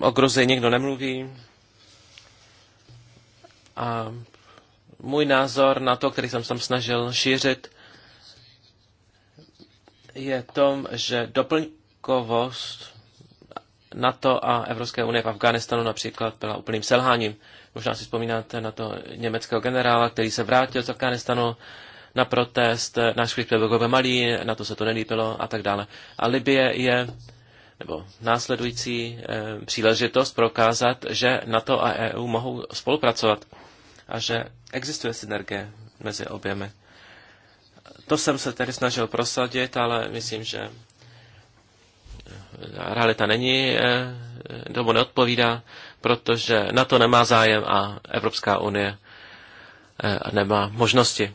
o groze někdo nemluví. A můj názor na to, který jsem se snažil šířit, je tom, že doplňkovost NATO a Evropské unie v Afghánistánu například byla úplným selháním. Možná si vzpomínáte na to německého generála, který se vrátil z Afghánistánu na protest, náš příspěvek ve Malí, na to se to nelíbilo a tak dále. A Libie je nebo následující e, příležitost prokázat, že NATO a EU mohou spolupracovat a že existuje synergie mezi oběmi. To jsem se tedy snažil prosadit, ale myslím, že realita není, eh, nebo neodpovídá, protože na to nemá zájem a Evropská unie eh, nemá možnosti.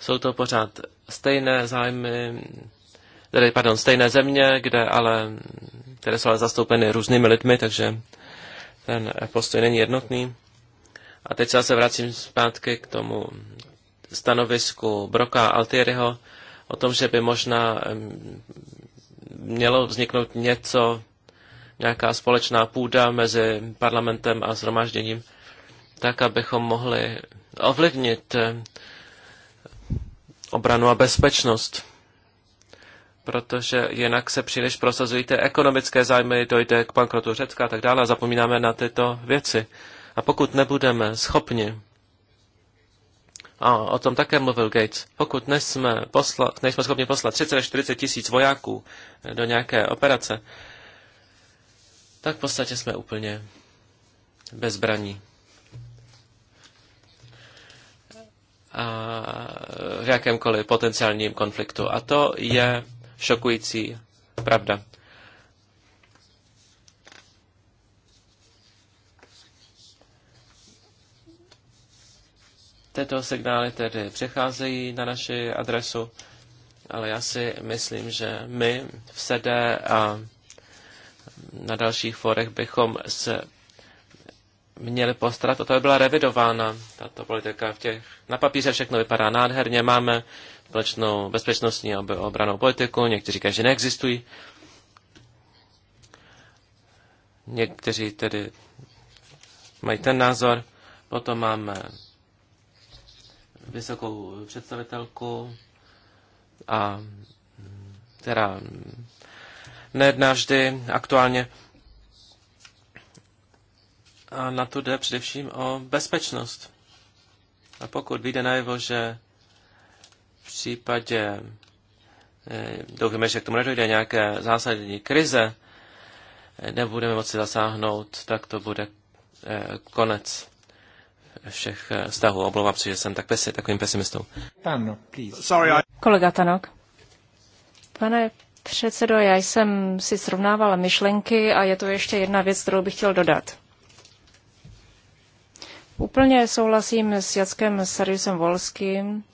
Jsou to pořád stejné zájmy, tedy, pardon, stejné země, kde ale, které jsou ale zastoupeny různými lidmi, takže ten postoj není jednotný. A teď se vracím zpátky k tomu stanovisku Broka Altieriho o tom, že by možná mělo vzniknout něco, nějaká společná půda mezi parlamentem a zhromážděním, tak, abychom mohli ovlivnit eh, obranu a bezpečnost. Protože jinak se příliš prosazují ty ekonomické zájmy, dojde k bankrotu Řecka a tak dále a zapomínáme na tyto věci. A pokud nebudeme schopni a o tom také mluvil Gates, pokud nejsme, posla, nejsme schopni poslat 30 až 40 tisíc vojáků eh, do nějaké operace, tak v podstatě jsme úplně bezbraní. A eh, v jakémkoliv potenciálním konfliktu. A to je šokující pravda. Tyto signály tedy přecházejí na naši adresu, ale já si myslím, že my v SEDE a na dalších forech bychom se měli postarat o to, aby byla revidována tato politika. V těch, na papíře všechno vypadá nádherně, máme společnou bezpečnostní a obranou politiku, někteří říkají, že neexistují. Někteří tedy mají ten názor. Potom máme vysokou představitelku, a která nejedná vždy aktuálně. A na to jde především o bezpečnost. A pokud vyjde najevo, že v případě, eh, doufíme, že k tomu nedojde nějaké zásadní krize, eh, nebudeme moci zasáhnout, tak to bude eh, konec všech eh, vztahů. Omlouvám se, že jsem tak pesi, takovým pesimistou. Tano, please. Sorry, I... Kolega Tanok. Pane předsedo, já jsem si srovnávala myšlenky a je to ještě jedna věc, kterou bych chtěl dodat. Úplně souhlasím s Jackem Sariusem Volským,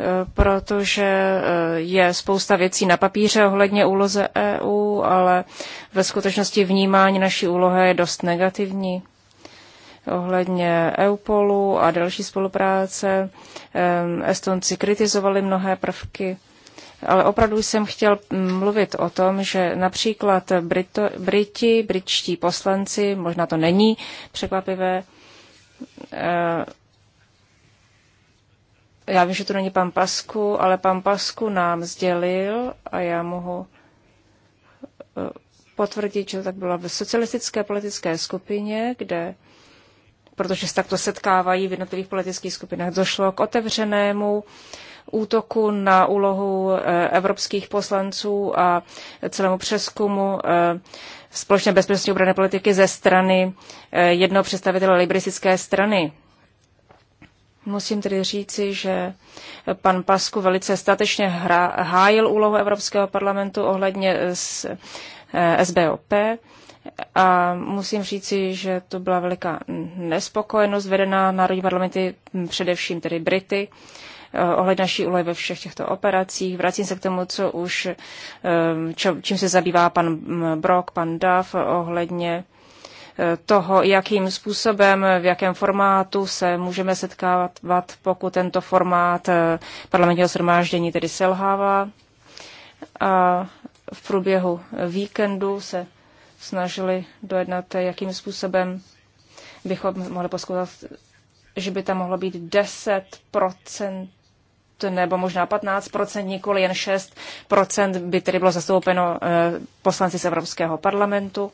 eh, protože eh, je spousta věcí na papíře ohledně úloze EU, ale ve skutečnosti vnímání naší úlohy je dost negativní ohledně EUPOLu a další spolupráce. Estonci kritizovali mnohé prvky, ale opravdu jsem chtěl mluvit o tom, že například Brito, Briti, britští poslanci, možná to není překvapivé, eh, já vím, že to není pan Pasku, ale pan Pasku nám sdělil a já mohu eh, potvrdit, že tak byla v socialistické politické skupině, kde protože se takto setkávají v jednotlivých politických skupinách. Došlo k otevřenému útoku na úlohu eh, evropských poslanců a celému přeskumu eh, společné bezpečnostní obrané politiky ze strany eh, jednoho představitele liberistické strany. Musím tedy říci, že pan Pasku velice statečně hra, hájil úlohu Evropského parlamentu ohledně s, SBOP a musím říci, že to byla veliká nespokojenost vedená národní parlamenty, především tedy Brity, eh, ohled naší úlohy ve všech těchto operacích. Vracím se k tomu, co už, eh, čím se zabývá pan mm, Brock, pan Duff ohledně eh, toho, jakým způsobem, v jakém formátu se můžeme setkávat, pokud tento formát parlamentního shromáždění tedy selhává. A v průběhu víkendu se snažili dojednat, jakým způsobem bychom mohli poskytovat, že by tam mohlo být 10% nebo možná 15%, nikoli jen 6% by tedy bylo zastoupeno eh, poslanci z Evropského parlamentu.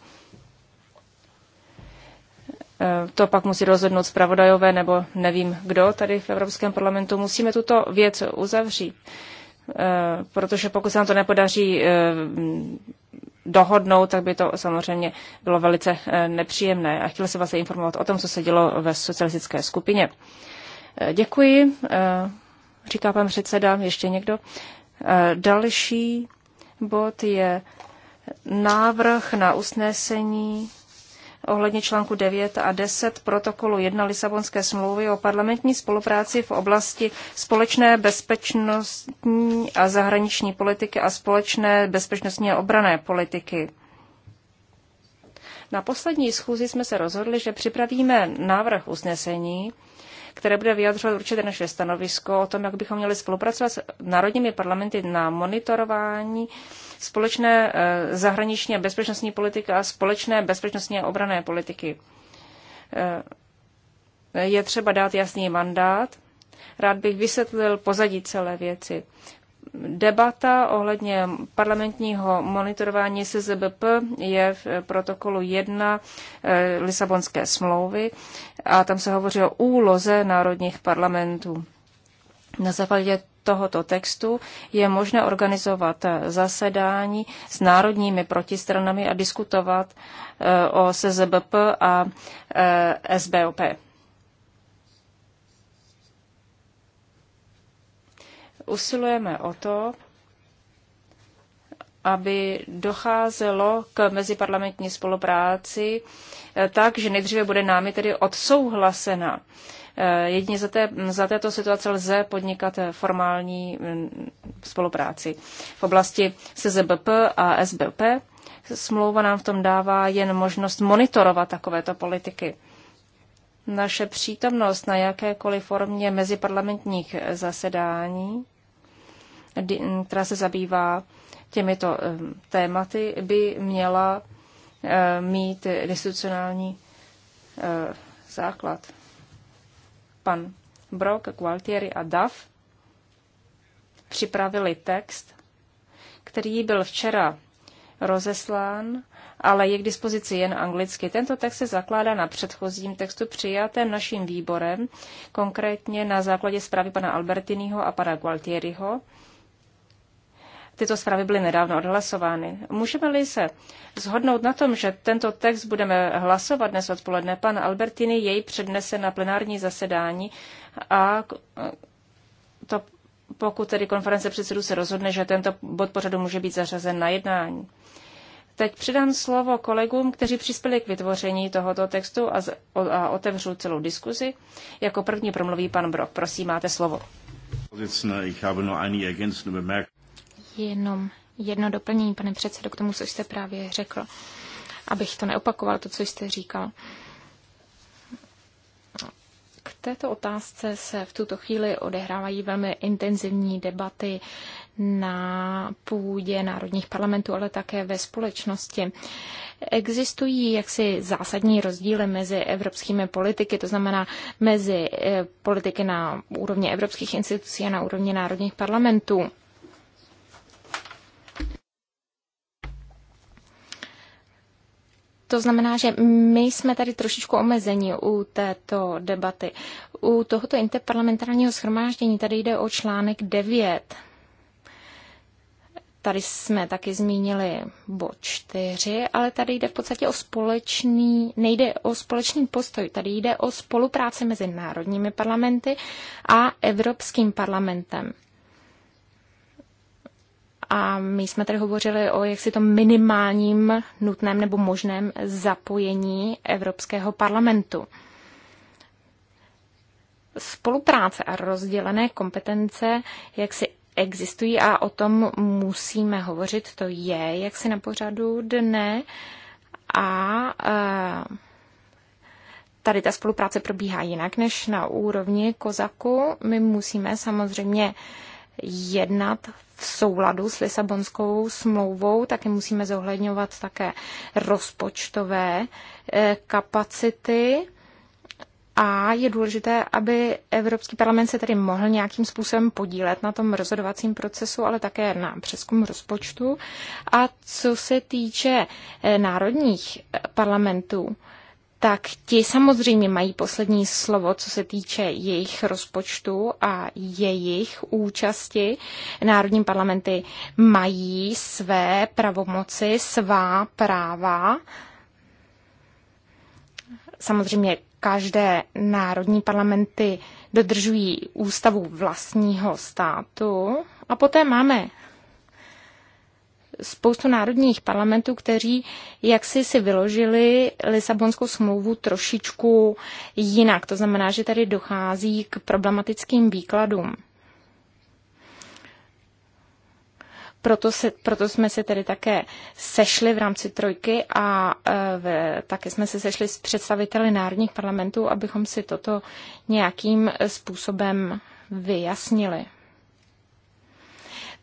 Eh, to pak musí rozhodnout zpravodajové nebo nevím kdo tady v Evropském parlamentu. Musíme tuto věc uzavřít, eh, protože pokud se nám to nepodaří dohodnout, tak by to samozřejmě bylo velice eh, nepříjemné. A chtěla se vás informovat o tom, co se dělo ve socialistické skupině. Eh, děkuji, eh, říká pan předseda, ještě někdo. Další bod je návrh na usnesení ohledně článku 9 a 10 protokolu 1 Lisabonské smlouvy o parlamentní spolupráci v oblasti společné bezpečnostní a zahraniční politiky a společné bezpečnostní a obrané politiky. Na poslední schůzi jsme se rozhodli, že připravíme návrh usnesení, které bude vyjadřovat určité naše stanovisko o tom, jak bychom měli spolupracovat s národními parlamenty na monitorování společné eh, zahraniční a bezpečnostní politika a společné bezpečnostní a obrané politiky. Eh, je třeba dát jasný mandát. Rád bych vysvětlil pozadí celé věci. Debata ohledně parlamentního monitorování SZBP je v protokolu 1 eh, Lisabonské smlouvy a tam se hovoří o úloze národních parlamentů. Na základě tohoto textu je možné organizovat eh, zasedání s národními protistranami a diskutovat eh, o SZBP a eh, SBOP. Usilujeme o to, aby docházelo k meziparlamentní spolupráci tak, že nejdříve bude námi tedy odsouhlasena Eh, jedině za, té, za této situace lze podnikat eh, formální mm, spolupráci. V oblasti SZBP a SBP smlouva nám v tom dává jen možnost monitorovat takovéto politiky. Naše přítomnost na jakékoliv formě meziparlamentních eh, zasedání, mm, která se zabývá těmito tématy, by měla mít institucionální základ pan Brock, Gualtieri a Duff připravili text, který byl včera rozeslán, ale je k dispozici jen anglicky. Tento text se zakládá na předchozím textu přijatém naším výborem, konkrétně na základě zprávy pana Albertiniho a pana Gualtieriho Tyto zprávy byly nedávno odhlasovány. Můžeme-li se zhodnout na tom, že tento text budeme hlasovat dnes odpoledne, pan Albertini jej přednese na plenární zasedání a to pokud tedy konference předsedů se rozhodne, že tento bod pořadu může být zařazen na jednání. Teď přidám slovo kolegům, kteří přispěli k vytvoření tohoto textu a, z, a otevřu celou diskuzi. Jako první promluví pan Brok. Prosím, máte slovo jenom jedno doplnění, pane předsedo, k tomu, co jste právě řekl. Abych to neopakoval, to, co jste říkal. K této otázce se v tuto chvíli odehrávají velmi intenzivní debaty na půdě národních parlamentů, ale také ve společnosti. Existují jaksi zásadní rozdíly mezi evropskými politiky, to znamená mezi eh, politiky na úrovni evropských institucí a na úrovni národních parlamentů. To znamená, že my jsme tady trošičku omezení u této debaty. U tohoto interparlamentárního schromáždění tady jde o článek 9. Tady jsme taky zmínili bod 4, ale tady jde v podstatě o společný, nejde o společný postoj, tady jde o spolupráci mezi národními parlamenty a Evropským parlamentem. A my jsme tady hovořili o jaksi tom minimálním nutném nebo možném zapojení Evropského parlamentu. Spolupráce a rozdělené kompetence jak si existují a o tom musíme hovořit. To je jak si na pořadu dne a e, tady ta spolupráce probíhá jinak než na úrovni kozaku. My musíme samozřejmě jednat v souladu s Lisabonskou smlouvou, taky musíme zohledňovat také rozpočtové eh, kapacity. A je důležité, aby Evropský parlament se tedy mohl nějakým způsobem podílet na tom rozhodovacím procesu, ale také na přeskum rozpočtu. A co se týče eh, národních eh, parlamentů, tak ti samozřejmě mají poslední slovo, co se týče jejich rozpočtu a jejich účasti. Národní parlamenty mají své pravomoci, svá práva. Samozřejmě každé národní parlamenty dodržují ústavu vlastního státu. A poté máme spoustu národních parlamentů, kteří jaksi si vyložili Lisabonskou smlouvu trošičku jinak. To znamená, že tady dochází k problematickým výkladům. Proto, se, proto jsme se tedy také sešli v rámci trojky a e, také jsme se sešli s představiteli národních parlamentů, abychom si toto nějakým způsobem vyjasnili.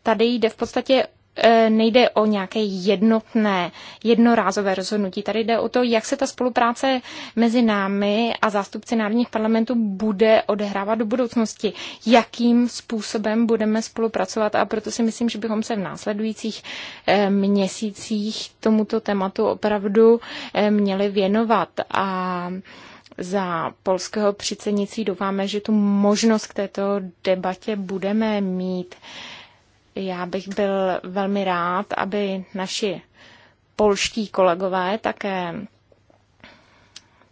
Tady jde v podstatě E, nejde o nějaké jednotné, jednorázové rozhodnutí. Tady jde o to, jak se ta spolupráce mezi námi a zástupci národních parlamentů bude odehrávat do budoucnosti, jakým způsobem budeme spolupracovat a proto si myslím, že bychom se v následujících e, měsících tomuto tématu opravdu e, měli věnovat. A za polského předsednicí doufáme, že tu možnost k této debatě budeme mít. Já bych byl velmi rád, aby naši polští kolegové také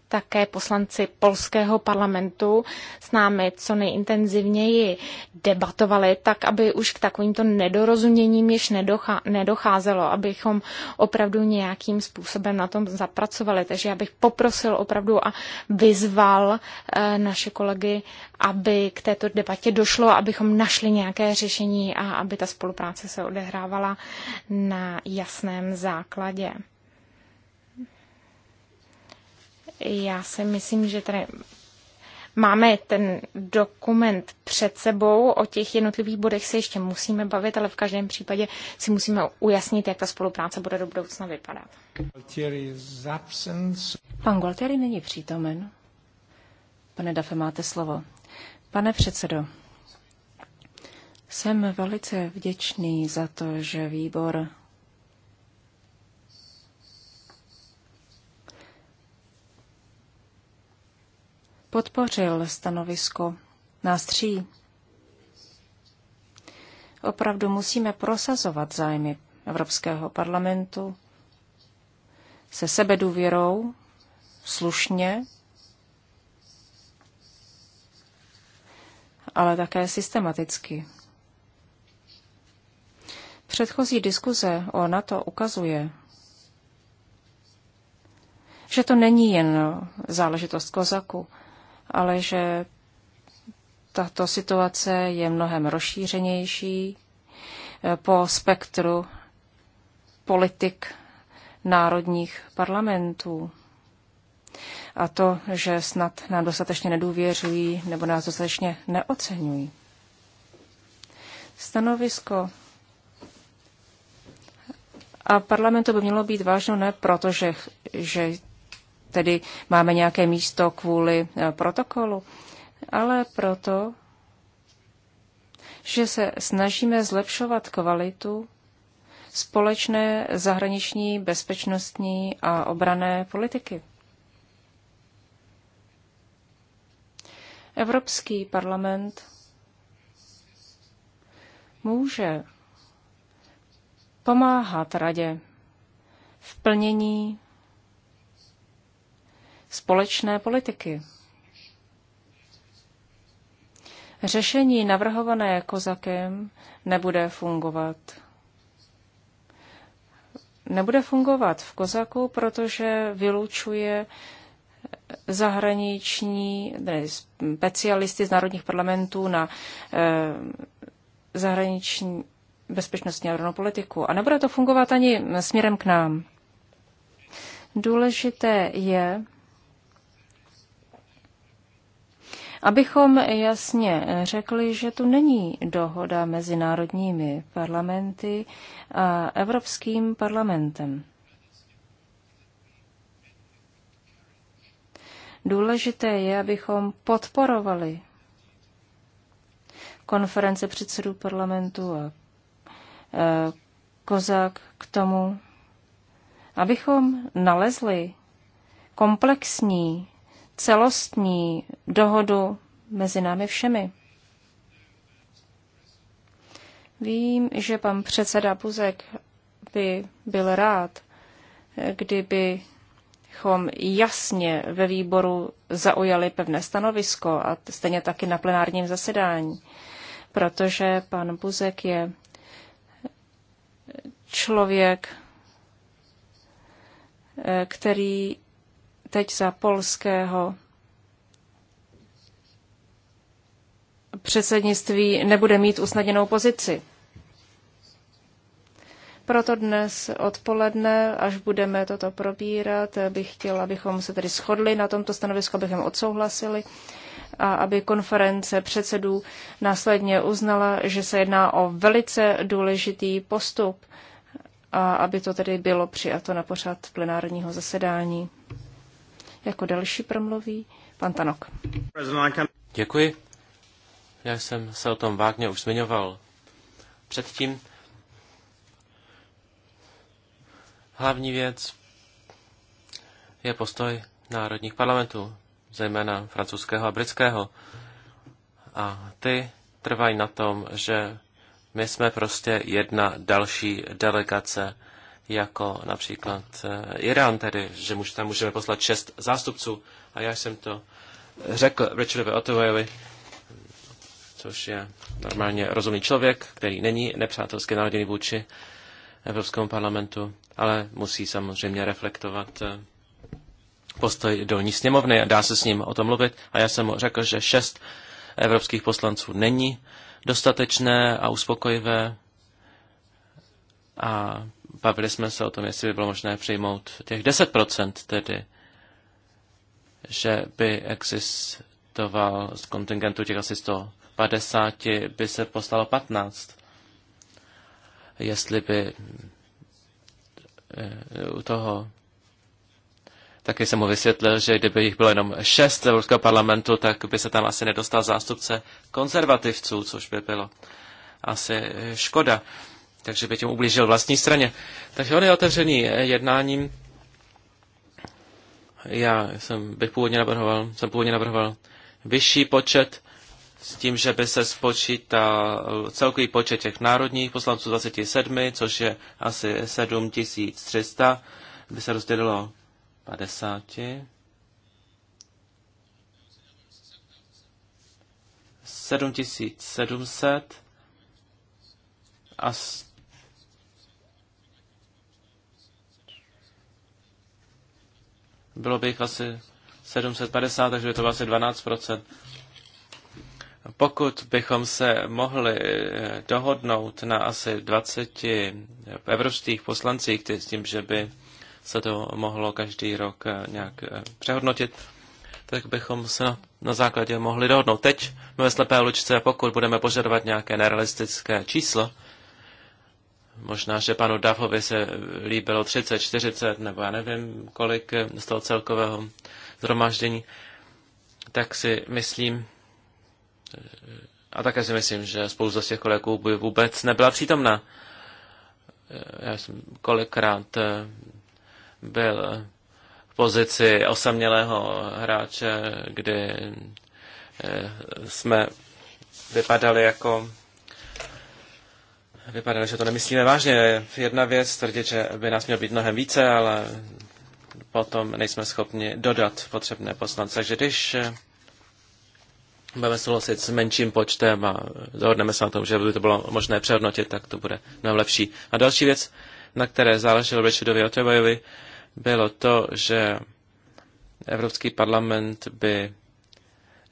také poslanci polského parlamentu s námi co nejintenzivněji debatovali, tak aby už k takovýmto nedorozuměním již nedocházelo, abychom opravdu nějakým způsobem na tom zapracovali. Takže já bych poprosil opravdu a vyzval eh, naše kolegy, aby k této debatě došlo, abychom našli nějaké řešení a aby ta spolupráce se odehrávala na jasném základě. Já si myslím, že tady máme ten dokument před sebou. O těch jednotlivých bodech se ještě musíme bavit, ale v každém případě si musíme ujasnit, jak ta spolupráce bude do budoucna vypadat. Pan Gualtieri není přítomen. Pane Dafe, máte slovo. Pane předsedo, jsem velice vděčný za to, že výbor podpořil stanovisko nás Opravdu musíme prosazovat zájmy Evropského parlamentu se sebedůvěrou, slušně, ale také systematicky. Předchozí diskuze o NATO ukazuje, že to není jen záležitost kozaku, ale že tato situace je mnohem rozšířenější eh, po spektru politik národních parlamentů. A to, že snad nám dostatečně nedůvěřují nebo nás dostatečně neocenují. Stanovisko a parlamentu by mělo být vážno ne proto, že, že tedy máme nějaké místo kvůli eh, protokolu, ale proto, že se snažíme zlepšovat kvalitu společné zahraniční, bezpečnostní a obrané politiky. Evropský parlament může pomáhat radě v plnění společné politiky. Řešení navrhované kozakem nebude fungovat. Nebude fungovat v kozaku, protože vylučuje zahraniční ne, specialisty z národních parlamentů na eh, zahraniční bezpečnostní a politiku. A nebude to fungovat ani směrem k nám. Důležité je, Abychom jasně řekli, že tu není dohoda mezi národními parlamenty a Evropským parlamentem. Důležité je, abychom podporovali konference předsedů parlamentu a e, Kozák k tomu, abychom nalezli komplexní celostní dohodu mezi námi všemi. Vím, že pan předseda Buzek by byl rád, kdybychom jasně ve výboru zaujali pevné stanovisko a stejně taky na plenárním zasedání, protože pan Buzek je člověk, který teď za polského předsednictví nebude mít usnadněnou pozici. Proto dnes odpoledne, až budeme toto probírat, bych chtěla, abychom se tedy shodli na tomto stanovisku, abychom odsouhlasili a aby konference předsedů následně uznala, že se jedná o velice důležitý postup a aby to tedy bylo přijato na pořad plenárního zasedání. Jako další promluví pan Tanok. Děkuji. Já jsem se o tom vágně už zmiňoval předtím. Hlavní věc je postoj národních parlamentů, zejména francouzského a britského. A ty trvají na tom, že my jsme prostě jedna další delegace jako například eh, Irán, tedy, že tam můžeme poslat šest zástupců. A já jsem to řekl Richardovi Ottawovi, což je normálně rozumný člověk, který není nepřátelsky naladěný vůči Evropskému parlamentu, ale musí samozřejmě reflektovat eh, postoj dolní sněmovny a dá se s ním o tom mluvit. A já jsem mu řekl, že šest evropských poslanců není dostatečné a uspokojivé a bavili jsme se o tom, jestli by bylo možné přijmout těch 10%, tedy, že by existoval z kontingentu těch asi 150, by se poslalo 15. Jestli by eh, u toho Taky jsem mu vysvětlil, že kdyby jich bylo jenom šest z Evropského parlamentu, tak by se tam asi nedostal zástupce konzervativců, což by bylo asi eh, škoda takže by tím ublížil vlastní straně. Takže on je otevřený eh, jednáním. Já jsem, bych původně navrhoval, jsem původně navrhoval vyšší počet s tím, že by se spočítal celkový počet těch národních poslanců 27, což je asi 7300, by se rozdělilo 50. 7700 a z bylo by jich asi 750, takže by to bylo asi 12%. Pokud bychom se mohli eh, dohodnout na asi 20 eh, evropských poslancích, s tím, že by se to mohlo každý rok eh, nějak přehodnotit, tak bychom se na, základě mohli dohodnout. Teď jsme ve slepé lučce pokud budeme požadovat nějaké nerealistické číslo, Možná, že panu Davovi se líbilo 30, 40, nebo já nevím, kolik z toho celkového zhromáždění, tak si myslím, a také si myslím, že spousta z těch kolegů by vůbec nebyla přítomná. Já jsem kolikrát eh, byl v pozici osamělého hráče, kdy eh, jsme vypadali jako vypadalo, že to nemyslíme vážně. Jedna věc tvrdit, že by nás mělo být mnohem více, ale potom nejsme schopni dodat potřebné poslance. Takže když eh, budeme souhlasit s menším počtem a dohodneme se na tom, že by to bylo možné přehodnotit, tak to bude mnohem lepší. A další věc, na které záleželo Richardovi Otevojovi, bylo to, že Evropský parlament by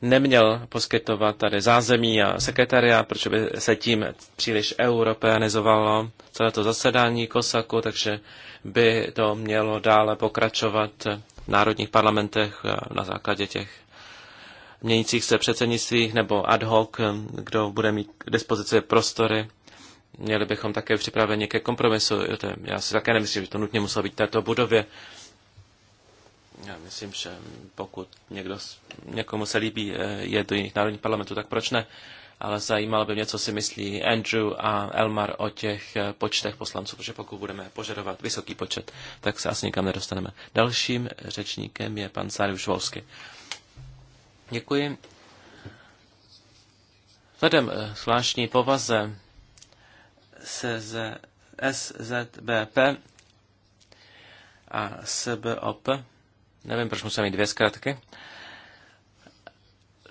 neměl poskytovat tady zázemí a sekretariá, protože by se tím příliš europeanizovalo celé to zasedání Kosaku, takže by to mělo dále pokračovat v národních parlamentech na základě těch měnících se předsednictví nebo ad hoc, kdo bude mít k dispozici prostory. Měli bychom také připraveni ke kompromisu. Já si také nemyslím, že to nutně muselo být v této budově. Já myslím, že pokud někdo, někomu se líbí eh, je do jiných národních parlamentů, tak proč ne? Ale zajímalo by mě, co si myslí Andrew a Elmar o těch eh, počtech poslanců, protože pokud budeme požadovat vysoký počet, tak se asi nikam nedostaneme. Dalším řečníkem je pan Sáriu Švolsky. Děkuji. Vzhledem eh, zvláštní povaze SZBP a SBOP nevím, proč musím mít dvě zkratky,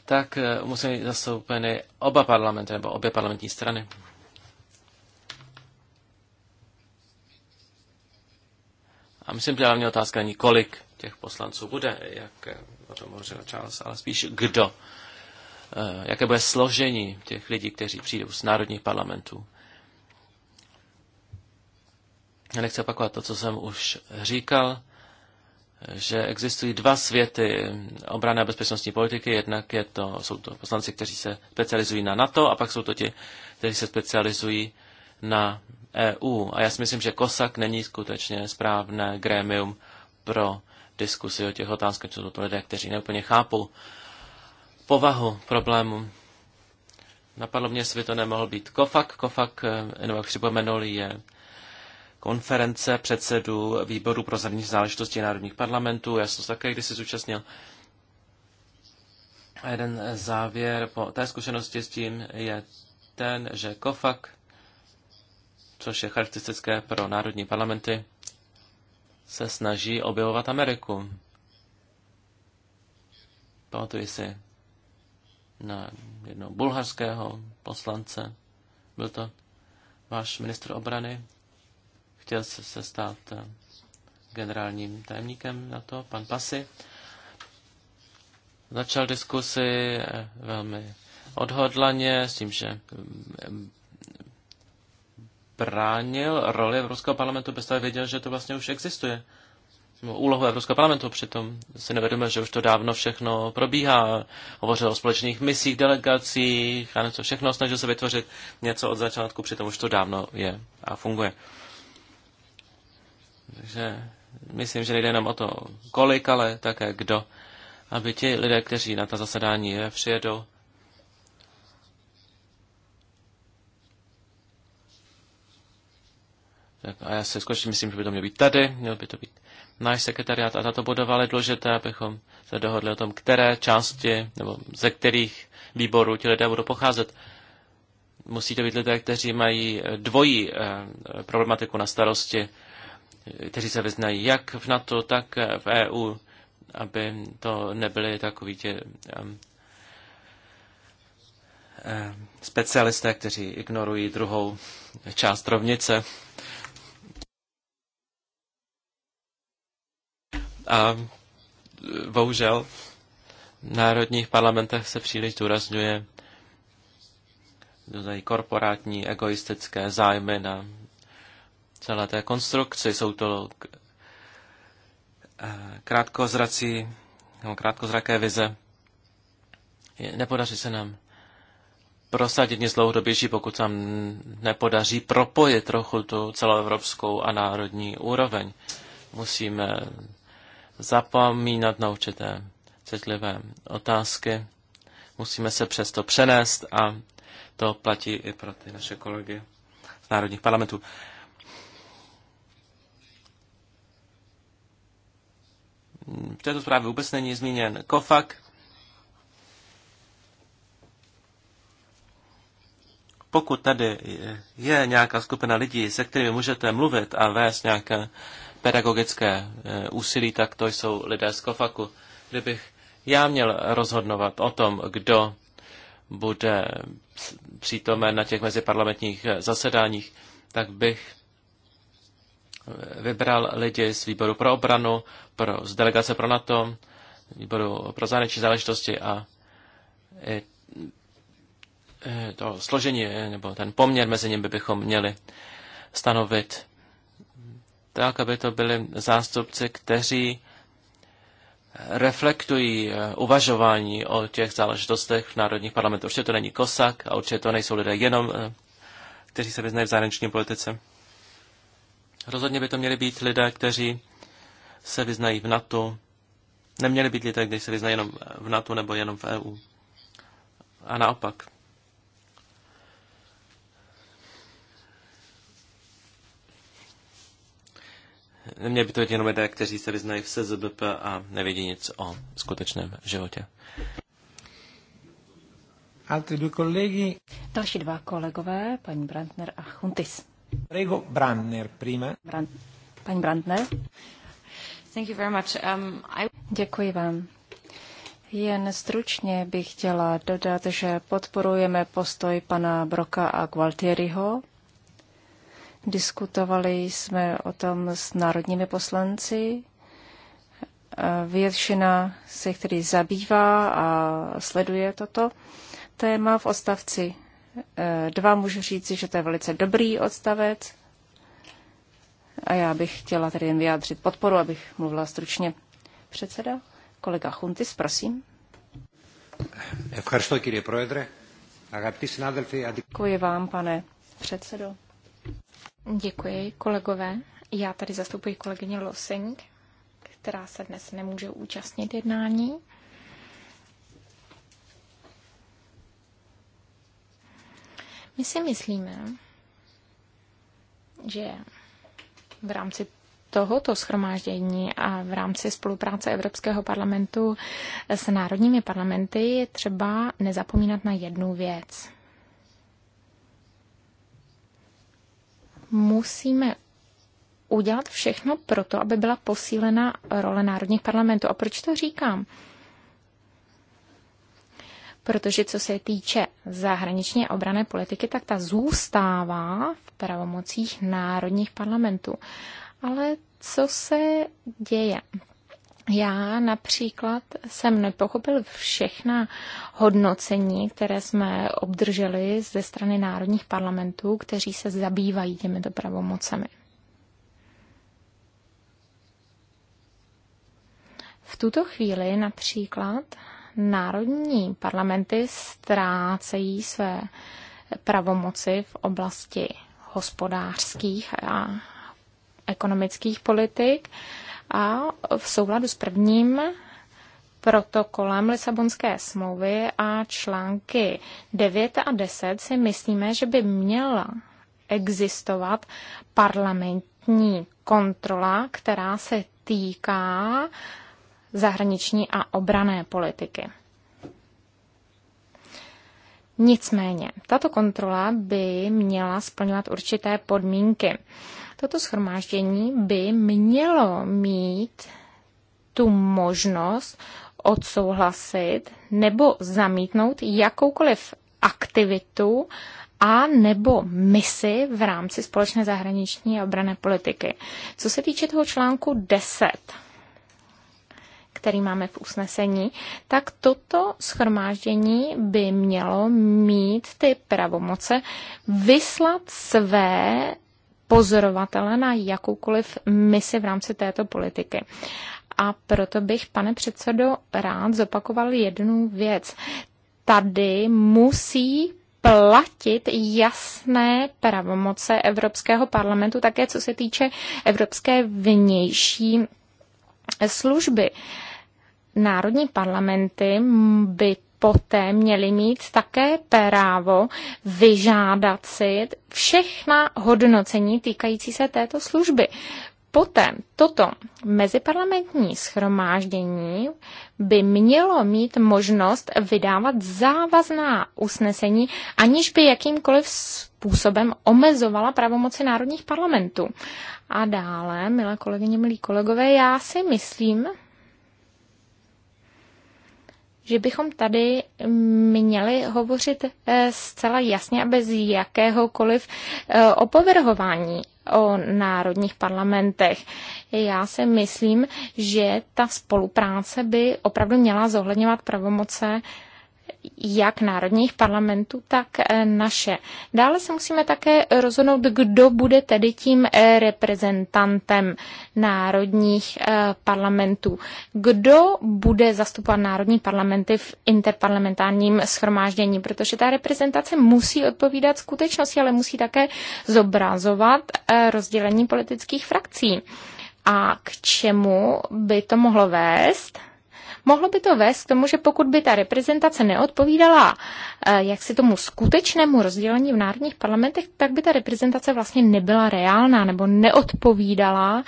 tak eh, musí být zastoupeny oba parlamenty nebo obě parlamentní strany. A myslím, že hlavní otázka není, kolik těch poslanců bude, jak eh, o tom hovořil Charles, ale spíš kdo. Eh, jaké bude složení těch lidí, kteří přijdou z národních parlamentů. Já nechci opakovat to, co jsem už říkal že existují dva světy obrany a bezpečnostní politiky. Jednak je to, jsou to poslanci, kteří se specializují na NATO a pak jsou to ti, kteří se specializují na EU. A já si myslím, že COSAC není skutečně správné grémium pro diskusi o těch otázkách, co to pro lidé, kteří neúplně chápou povahu problému. Napadlo mě, jestli by to nemohl být Kofak. Kofak, eh, jenom jak připomenul, je konference předsedů výboru pro zahraniční záležitosti národních parlamentů. Já jsem se také kdysi zúčastnil. A jeden závěr po té zkušenosti s tím je ten, že COFAC, což je charakteristické pro národní parlamenty, se snaží objevovat Ameriku. Pamatuji si na jednoho bulharského poslance, byl to váš ministr obrany, chtěl se stát eh, generálním tajemníkem na to, pan Pasy. Začal diskusi eh, velmi odhodlaně s tím, že mm, bránil roli Evropského parlamentu, bez toho věděl, že to vlastně už existuje. Úlohu Evropského parlamentu, přitom si nevědomil, že už to dávno všechno probíhá. Hovořil o společných misích, delegacích a něco všechno. Snažil se vytvořit něco od začátku, přitom už to dávno je a funguje. Takže myslím, že nejde jenom o to kolik, ale také kdo, aby ti lidé, kteří na ta zasedání přijedou, Tak a já se skutečně myslím, že by to mělo být tady, měl by to být náš sekretariat a tato budova, ale důležité, abychom se dohodli o tom, které části nebo ze kterých výborů ti lidé budou pocházet. Musí to být lidé, kteří mají dvojí eh, problematiku na starosti, kteří se vyznají jak v NATO, tak v EU, aby to nebyly takový tě, um, specialisté, kteří ignorují druhou část rovnice. A bohužel v národních parlamentech se příliš důrazňuje korporátní egoistické zájmy na celé té konstrukci. Jsou to eh, krátkozrací nebo krátkozraké vize. Nepodaří se nám prosadit nic dlouhodobější, pokud nám nepodaří propojit trochu tu celoevropskou a národní úroveň. Musíme zapomínat na určité citlivé otázky. Musíme se přesto přenést a to platí i pro ty naše kolegy z národních parlamentů. v této zprávě vůbec není zmíněn kofak. Pokud tady je nějaká skupina lidí, se kterými můžete mluvit a vést nějaké pedagogické eh, úsilí, tak to jsou lidé z kofaku. Kdybych já měl rozhodnovat o tom, kdo bude přítomen na těch meziparlamentních eh, zasedáních, tak bych vybral lidi z výboru pro obranu, pro, z delegace pro NATO, výboru pro zahraniční záležitosti a e, e, to složení e, nebo ten poměr mezi nimi bychom měli stanovit tak, aby to byli zástupci, kteří reflektují uvažování o těch záležitostech v národních parlamentech. Určitě to není kosak a určitě to nejsou lidé jenom, kteří se vyznají v zahraniční politice. Rozhodně by to měli být lidé, kteří se vyznají v NATO. Neměli být lidé, kteří se vyznají jenom v NATO nebo jenom v EU. A naopak. Neměli by to být jenom lidé, kteří se vyznají v SZBP a nevědí nic o skutečném životě. Altri due colleghi. Další dva kolegové, paní Brandner a Chuntis. Prego Brandner, prima. Brand, paní Brandner. Thank you very much. Um, I... Děkuji vám. Jen stručně bych chtěla dodat, že podporujeme postoj pana Broka a Gualtieriho. Diskutovali jsme o tom s národními poslanci. Většina se který zabývá a sleduje toto téma v odstavci 2 můžu říci, že to je velice dobrý odstavec. A já bych chtěla tady jen vyjádřit podporu, abych mluvila stručně. Předseda, kolega Chuntis, prosím. Děkuji vám, pane předsedo. Děkuji, kolegové. Já tady zastupuji kolegyně Losing, která se dnes nemůže účastnit jednání. My si myslíme, že v rámci tohoto schromáždění a v rámci spolupráce Evropského parlamentu s národními parlamenty je třeba nezapomínat na jednu věc. Musíme udělat všechno pro to, aby byla posílena role národních parlamentů. A proč to říkám? protože co se týče zahraničně obrané politiky, tak ta zůstává v pravomocích národních parlamentů. Ale co se děje? Já například jsem nepochopil všechna hodnocení, které jsme obdrželi ze strany národních parlamentů, kteří se zabývají těmito pravomocemi. V tuto chvíli například národní parlamenty ztrácejí své pravomoci v oblasti hospodářských a ekonomických politik a v souladu s prvním protokolem Lisabonské smlouvy a články 9 a 10 si myslíme, že by měla existovat parlamentní kontrola, která se týká uh, zahraniční a obrané politiky. Nicméně, tato kontrola by měla splňovat určité podmínky. Toto schromáždění by mělo mít tu možnost odsouhlasit nebo zamítnout jakoukoliv aktivitu a nebo misi v rámci společné zahraniční a obrané politiky. Co se týče toho článku 10, který máme v usnesení, tak toto schromáždění by mělo mít ty pravomoce vyslat své pozorovatele na jakoukoliv misi v rámci této politiky. A proto bych, pane předsedo, rád zopakoval jednu věc. Tady musí platit jasné pravomoce Evropského parlamentu, také co se týče Evropské vnější služby. Uh, národní parlamenty by poté měli mít také právo vyžádat si všechna hodnocení týkající se této služby. Poté toto meziparlamentní schromáždění by mělo mít možnost vydávat závazná usnesení, aniž by jakýmkoliv způsobem omezovala pravomoci národních parlamentů. A dále, milé kolegyně, milí kolegové, já si myslím, že bychom tady měli hovořit eh, zcela jasně a bez jakéhokoliv eh, opovrhování o národních parlamentech. Já si myslím, že ta spolupráce by opravdu měla zohledňovat pravomoce jak národních parlamentů, tak eh, naše. Dále se musíme také rozhodnout, kdo bude tedy tím eh, reprezentantem národních eh, parlamentů. Kdo bude zastupovat národní parlamenty v interparlamentárním schromáždění, protože ta reprezentace musí odpovídat skutečnosti, ale musí také zobrazovat rozdělení politických frakcí. A k čemu by to mohlo vést? Mohlo by to vést k tomu, že pokud by ta reprezentace neodpovídala eh, jak si tomu skutečnému rozdělení v národních parlamentech, tak by ta reprezentace vlastně nebyla reálná nebo neodpovídala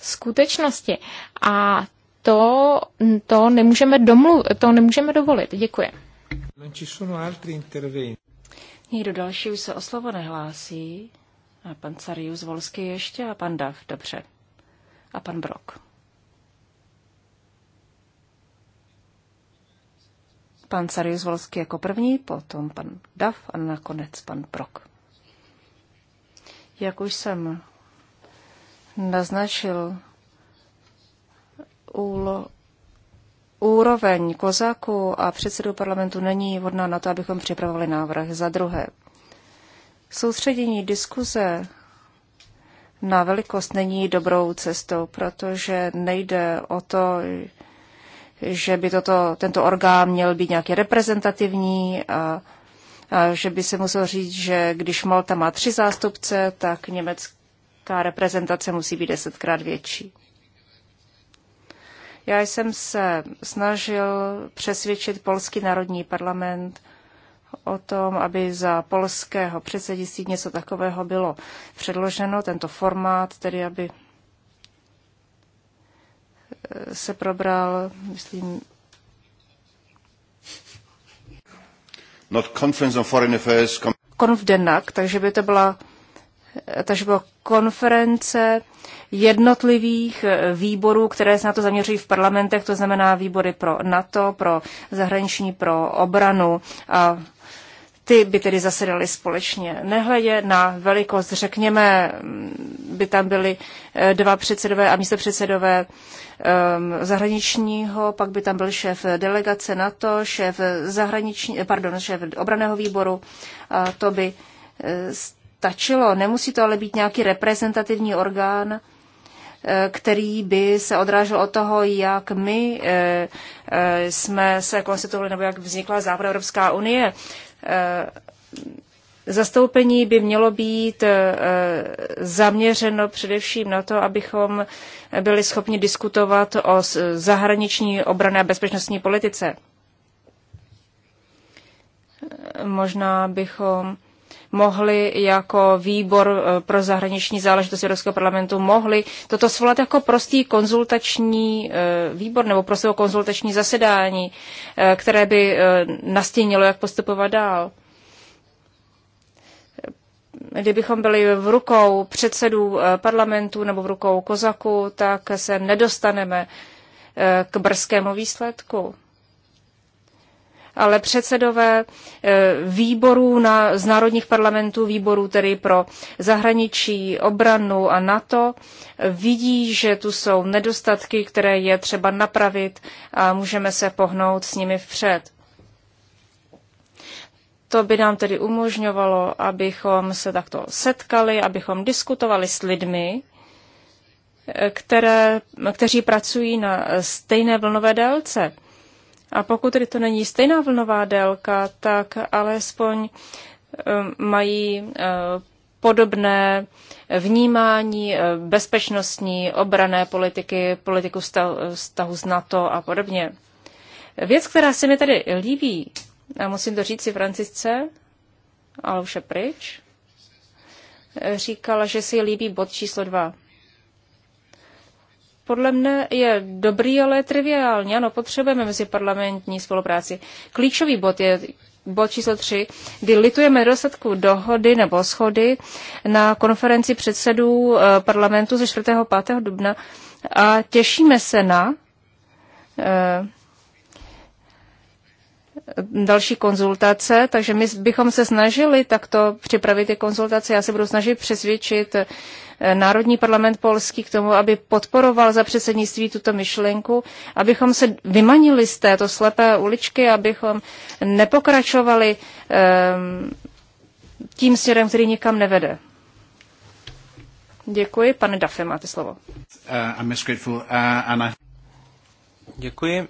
skutečnosti. A to, to, nemůžeme, domlu- to nemůžeme dovolit. Děkuji. Někdo další už se o slovo nehlásí. A pan Carius Volsky ještě a pan Dav, dobře. A pan Brok. pan Sarius Volský jako první, potom pan Dav a nakonec pan Prok. Jak už jsem naznačil, úlo, úroveň kozáku a předsedu parlamentu není vhodná na to, abychom připravovali návrh. Za druhé, soustředění diskuze na velikost není dobrou cestou, protože nejde o to, že by toto, tento orgán měl být nějaký reprezentativní a, a že by se musel říct, že když Malta má tři zástupce, tak německá reprezentace musí být desetkrát větší. Já jsem se snažil přesvědčit Polský národní parlament o tom, aby za polského předsednictví něco takového bylo předloženo, tento formát, tedy aby se probral, myslím, Not Conference on Foreign Affairs. Konfdenak, takže by to byla takže byla konference jednotlivých výborů, které se na to zaměřují v parlamentech, to znamená výbory pro NATO, pro zahraniční, pro obranu a ty by tedy zasedaly společně. Nehledě na velikost, řekněme, by tam byly eh, dva předsedové a místopředsedové um, zahraničního, pak by tam byl šéf delegace NATO, šéf, zahraniční, eh, pardon, šéf obraného výboru. A to by eh, stačilo. Nemusí to ale být nějaký reprezentativní orgán, který by se odrážel od toho, jak my jsme se konstituovali nebo jak vznikla Evropská unie. Eh, zastoupení by mělo být eh, zaměřeno především na to, abychom byli schopni diskutovat o zahraniční obrané a bezpečnostní politice. Eh, možná bychom mohli jako výbor eh, pro zahraniční záležitosti Evropského parlamentu mohli toto svolat jako prostý konzultační eh, výbor nebo o konzultační zasedání, eh, které by nastínilo, jak postupovat dál kdybychom byli v rukou předsedů parlamentu nebo v rukou kozaku, tak se nedostaneme k brzkému výsledku ale předsedové eh, výborů na, z národních parlamentů, výborů tedy pro zahraničí, obranu a NATO, vidí, že tu jsou nedostatky, které je třeba napravit a můžeme se pohnout s nimi vpřed. To by nám tedy umožňovalo, abychom se takto setkali, abychom diskutovali s lidmi, eh, které, kteří pracují na stejné vlnové délce a pokud tedy to není stejná vlnová délka, tak alespoň eh, mají eh, podobné vnímání eh, bezpečnostní, obrané politiky, politiku vztahu s NATO a podobně. Věc, která se mi tady líbí, a musím to říct si Francisce, ale už je pryč, říkala, že si líbí bod číslo dva podle mne je dobrý, ale je triviální. Ano, potřebujeme parlamentní spolupráci. Klíčový bod je bod číslo 3, kdy litujeme dosadku dohody nebo schody na konferenci předsedů eh, parlamentu ze 4. 5. dubna a těšíme se na eh, další konzultace, takže my bychom se snažili takto připravit ty konzultace. Já se budu snažit přesvědčit eh, Národní parlament polský k tomu, aby podporoval za předsednictví tuto myšlenku, abychom se vymanili z této slepé uličky, abychom nepokračovali eh, tím směrem, který nikam nevede. Děkuji. Pane Dafe, máte slovo. Eh, I'm Děkuji.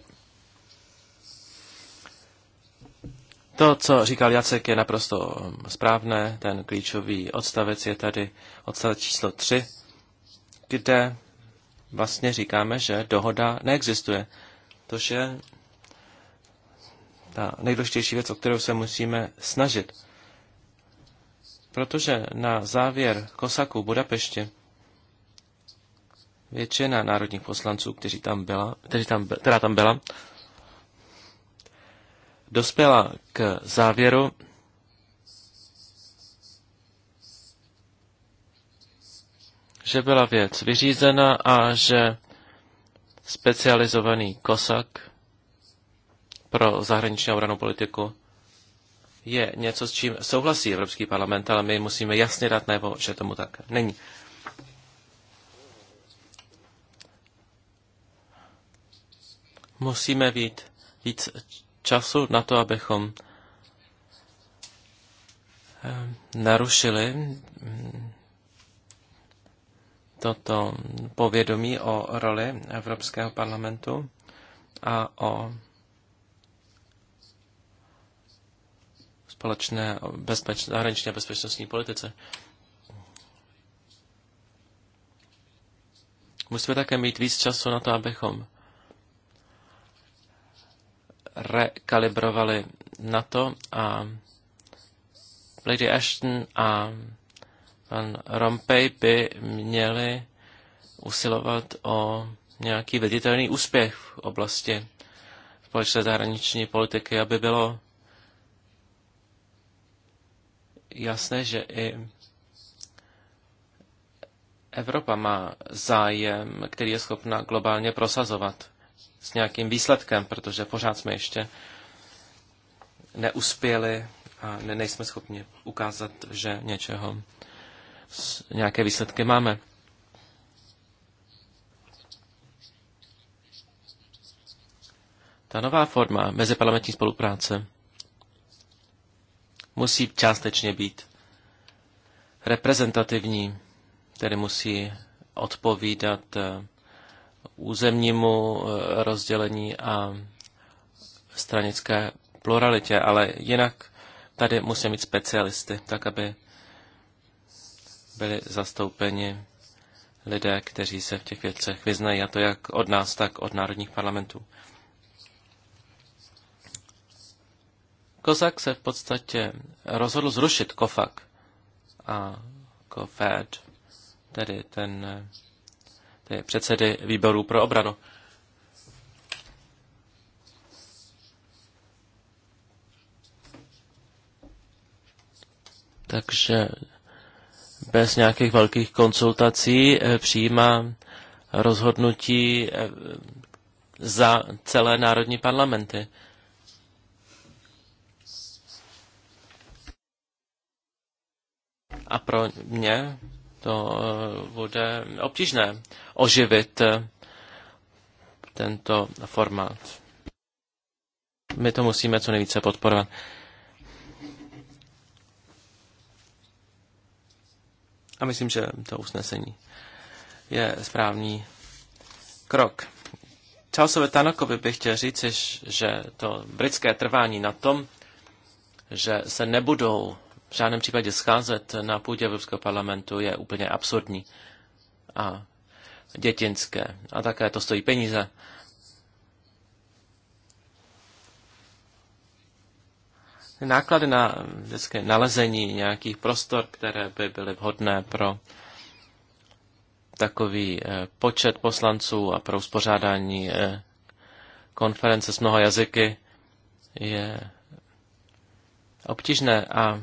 To, co říkal Jacek, je naprosto um, správné. Ten klíčový odstavec je tady odstavec číslo 3, kde vlastně říkáme, že dohoda neexistuje. To je ta nejdůležitější věc, o kterou se musíme snažit. Protože na závěr Kosaku v Budapešti většina národních poslanců, kteří tam byla, kteří tam, která tam byla, dospěla k závěru, že byla věc vyřízena a že specializovaný kosak pro zahraniční obranou politiku je něco, s čím souhlasí Evropský parlament, ale my musíme jasně dát najevo, že tomu tak není. Musíme být víc času na to, abychom eh, narušili mm, toto povědomí o roli Evropského parlamentu a o společné bezpeč, zahraniční a bezpečnostní politice. Musíme také mít víc času na to, abychom rekalibrovali na to a Lady Ashton a pan Rompej by měli usilovat o nějaký viditelný úspěch v oblasti společné zahraniční politiky, aby bylo jasné, že i Evropa má zájem, který je schopna globálně prosazovat s nějakým výsledkem, protože pořád jsme ještě neuspěli a ne, nejsme schopni ukázat, že něčeho, nějaké výsledky máme. Ta nová forma meziparlamentní spolupráce musí částečně být reprezentativní, tedy musí odpovídat eh, územnímu eh, rozdělení a stranické pluralitě, ale jinak tady musí mít specialisty, tak aby byli zastoupeni lidé, kteří se v těch věcech vyznají, a to jak od nás, tak od národních parlamentů. Kozak se v podstatě rozhodl zrušit Kofak a Kofed, tedy ten ty předsedy výboru pro obranu. Takže bez nějakých velkých konsultací eh, přijímá rozhodnutí eh, za celé národní parlamenty. A pro mě to eh, bude obtížné oživit eh, tento formát. My to musíme co nejvíce podporovat. A myslím, že to usnesení je správný krok. Charlesovi Tanakovi bych chtěl říct, že to britské trvání na tom, že se nebudou v žádném případě scházet na půdě Evropského parlamentu je úplně absurdní a dětinské. A také to stojí peníze. Náklady na vždycky nalezení nějakých prostor, které by byly vhodné pro takový eh, počet poslanců a pro uspořádání eh, konference s mnoha jazyky je obtížné a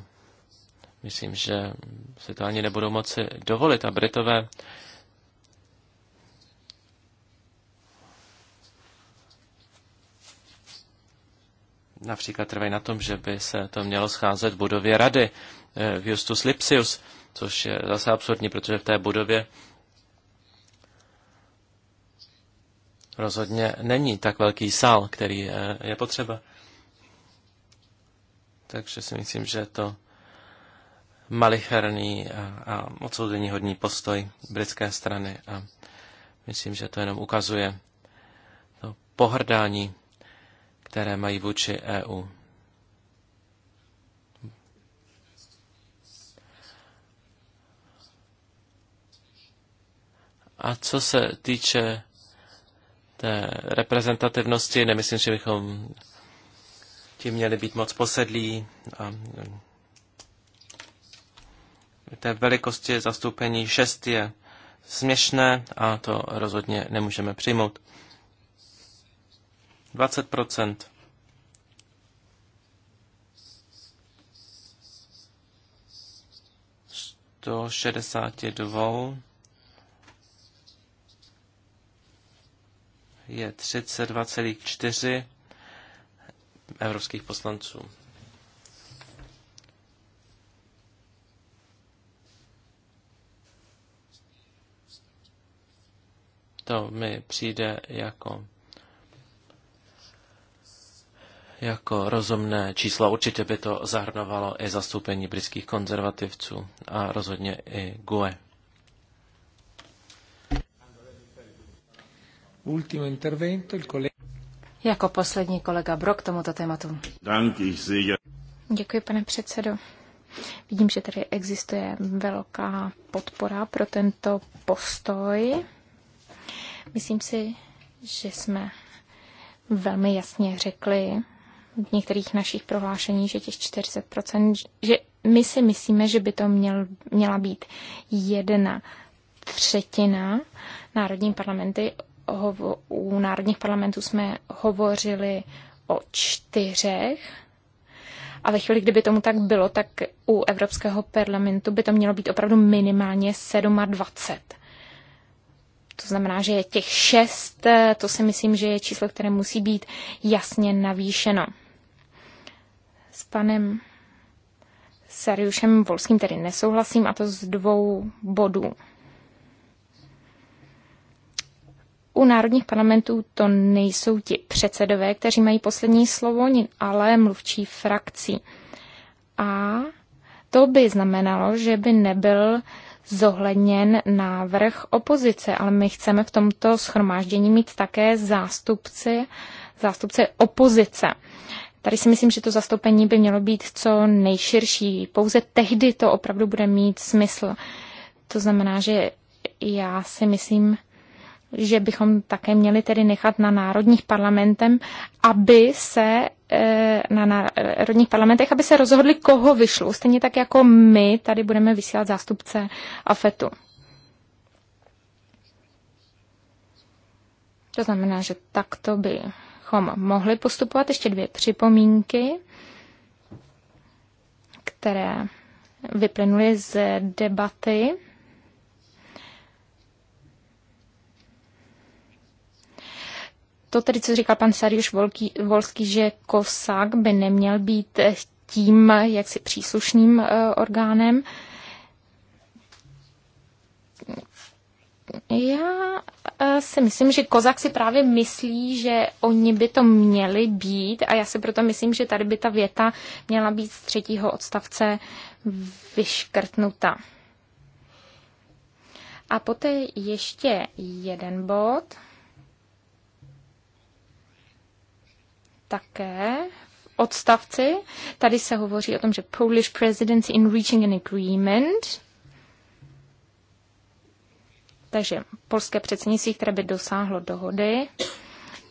Myslím, že se to ani nebudou moci dovolit. A Britové například trvají na tom, že by se to mělo scházet v budově rady eh, v Justus Lipsius, což je zase absurdní, protože v té budově rozhodně není tak velký sál, který eh, je potřeba. Takže si myslím, že to malicherný a, a odsouzení hodní postoj britské strany a myslím, že to jenom ukazuje to pohrdání, které mají vůči EU. A co se týče té reprezentativnosti, nemyslím, že bychom tím měli být moc posedlí a té velikosti zastoupení šest je směšné a to rozhodně nemůžeme přijmout. 20 162 je 32,4 evropských poslanců. To mi přijde jako jako rozumné číslo. Určitě by to zahrnovalo i zastoupení britských konzervativců a rozhodně i GUE. Ultimo intervento, il kolega... Jako poslední kolega Brok k tomuto tématu. Děkuji, pane předsedo. Vidím, že tady existuje velká podpora pro tento postoj Myslím si, že jsme velmi jasně řekli v některých našich prohlášení, že těch 40%, že my si myslíme, že by to měl, měla být jedna třetina národní parlamenty. U národních parlamentů jsme hovořili o čtyřech. A ve chvíli, kdyby tomu tak bylo, tak u Evropského parlamentu by to mělo být opravdu minimálně 27. To znamená, že těch šest, eh, to si myslím, že je číslo, které musí být jasně navýšeno. S panem Sariušem Volským tedy nesouhlasím, a to z dvou bodů. U národních parlamentů to nejsou ti předsedové, kteří mají poslední slovo, ale mluvčí frakcí. A to by znamenalo, že by nebyl zohledněn návrh opozice, ale my chceme v tomto schromáždění mít také zástupci, zástupce opozice. Tady si myslím, že to zastoupení by mělo být co nejširší. Pouze tehdy to opravdu bude mít smysl. To znamená, že já si myslím, že bychom také měli tedy nechat na národních parlamentem, aby se eh, na národních parlamentech, aby se rozhodli, koho vyšlu. Stejně tak jako my tady budeme vysílat zástupce AFETu. To znamená, že takto bychom mohli postupovat. Ještě dvě připomínky, které vyplynuly z debaty to tedy, co říkal pan Sariuš Volký, Volský, že Kosák by neměl být tím jaksi příslušným eh, orgánem. Já eh, si myslím, že Kozak si právě myslí, že oni by to měli být a já si proto myslím, že tady by ta věta měla být z třetího odstavce vyškrtnuta. A poté ještě jeden bod. také v odstavci. Tady se hovoří o tom, že Polish presidency in reaching an agreement. Takže polské předsednictví, které by dosáhlo dohody,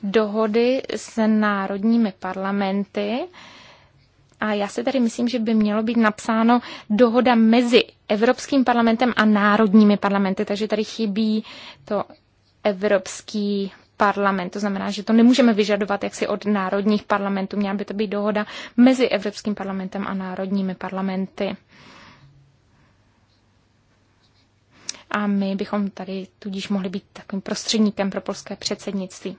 dohody s národními parlamenty. A já si tady myslím, že by mělo být napsáno dohoda mezi Evropským parlamentem a národními parlamenty, takže tady chybí to Evropský parlament. To znamená, že to nemůžeme vyžadovat jaksi od národních parlamentů. Měla by to být dohoda mezi Evropským parlamentem a národními parlamenty. A my bychom tady tudíž mohli být takovým prostředníkem pro polské předsednictví.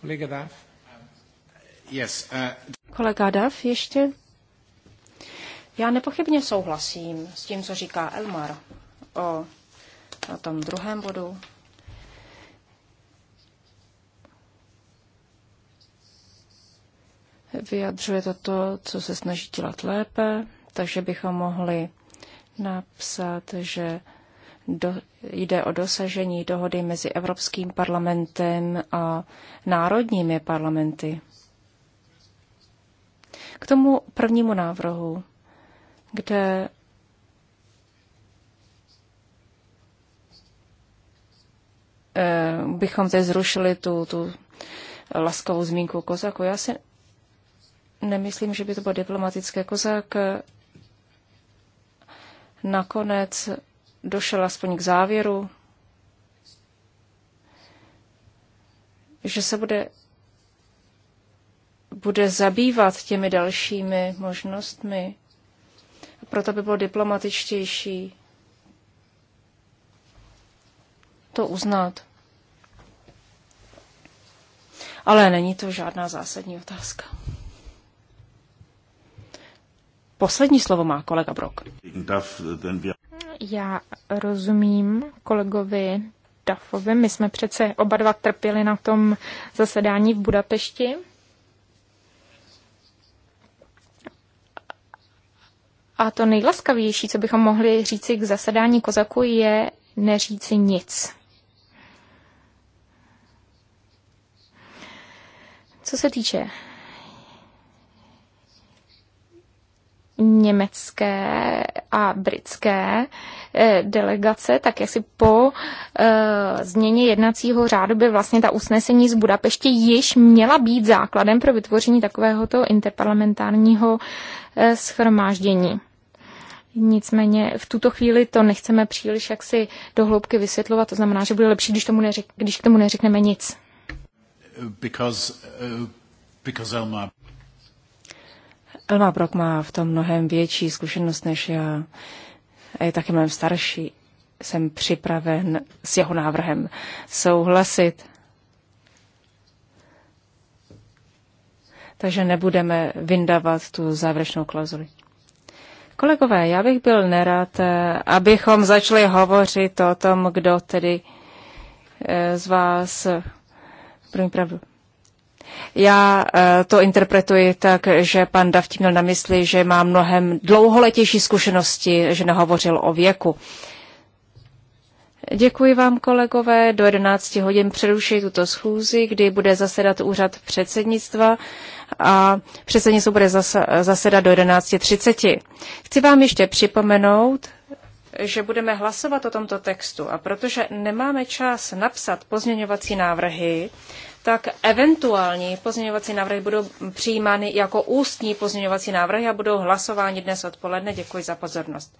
Kolega Dav? Yes, uh... Kolega Dav ještě? Já nepochybně souhlasím s tím, co říká Elmar o na tom druhém bodu. Vyjadřuje to to, co se snaží dělat lépe, takže bychom mohli napsat, že do, jde o dosažení dohody mezi Evropským parlamentem a národními parlamenty. K tomu prvnímu návrhu, kde Eh, bychom teď zrušili tu, tu laskavou zmínku kozáku. Já si nemyslím, že by to bylo diplomatické. Kozák eh, nakonec došel aspoň k závěru, že se bude, bude zabývat těmi dalšími možnostmi. Proto by bylo diplomatičtější to uznat ale není to žádná zásadní otázka. Poslední slovo má kolega Brok. Já rozumím kolegovi Dafovi. My jsme přece oba dva trpěli na tom zasedání v Budapešti. A to nejlaskavější, co bychom mohli říci k zasedání kozaku, je neříci nic. Co se týče německé a britské eh, delegace, tak jestli po po eh, změně jednacího řádu by vlastně ta usnesení z Budapešti již měla být základem pro vytvoření takovéhoto interparlamentárního eh, schromáždění. Nicméně v tuto chvíli to nechceme příliš jaksi dohloubky vysvětlovat, to znamená, že bude lepší, když, tomu neřek, když k tomu neřekneme nic because, because Elmar... Elmar Brock má v tom mnohem větší zkušenost než já a je taky mnohem starší. Jsem připraven s jeho návrhem souhlasit. Takže nebudeme vyndavat tu závěrečnou klauzuli. Kolegové, já bych byl nerad, eh, abychom začali hovořit o tom, kdo tedy eh, z vás pro mě pravdu. Já eh, to interpretuji tak, že pan Davti měl na mysli, že má mnohem dlouholetější zkušenosti, že nehovořil o věku. Děkuji vám, kolegové. Do 11 hodin přeruší tuto schůzi, kdy bude zasedat úřad předsednictva a předsednictvo bude zasedat do 11.30. Chci vám ještě připomenout, že budeme hlasovat o tomto textu a protože nemáme čas napsat pozměňovací návrhy, tak eventuální pozměňovací návrhy budou přijímány jako ústní pozměňovací návrhy a budou hlasováni dnes odpoledne. Děkuji za pozornost.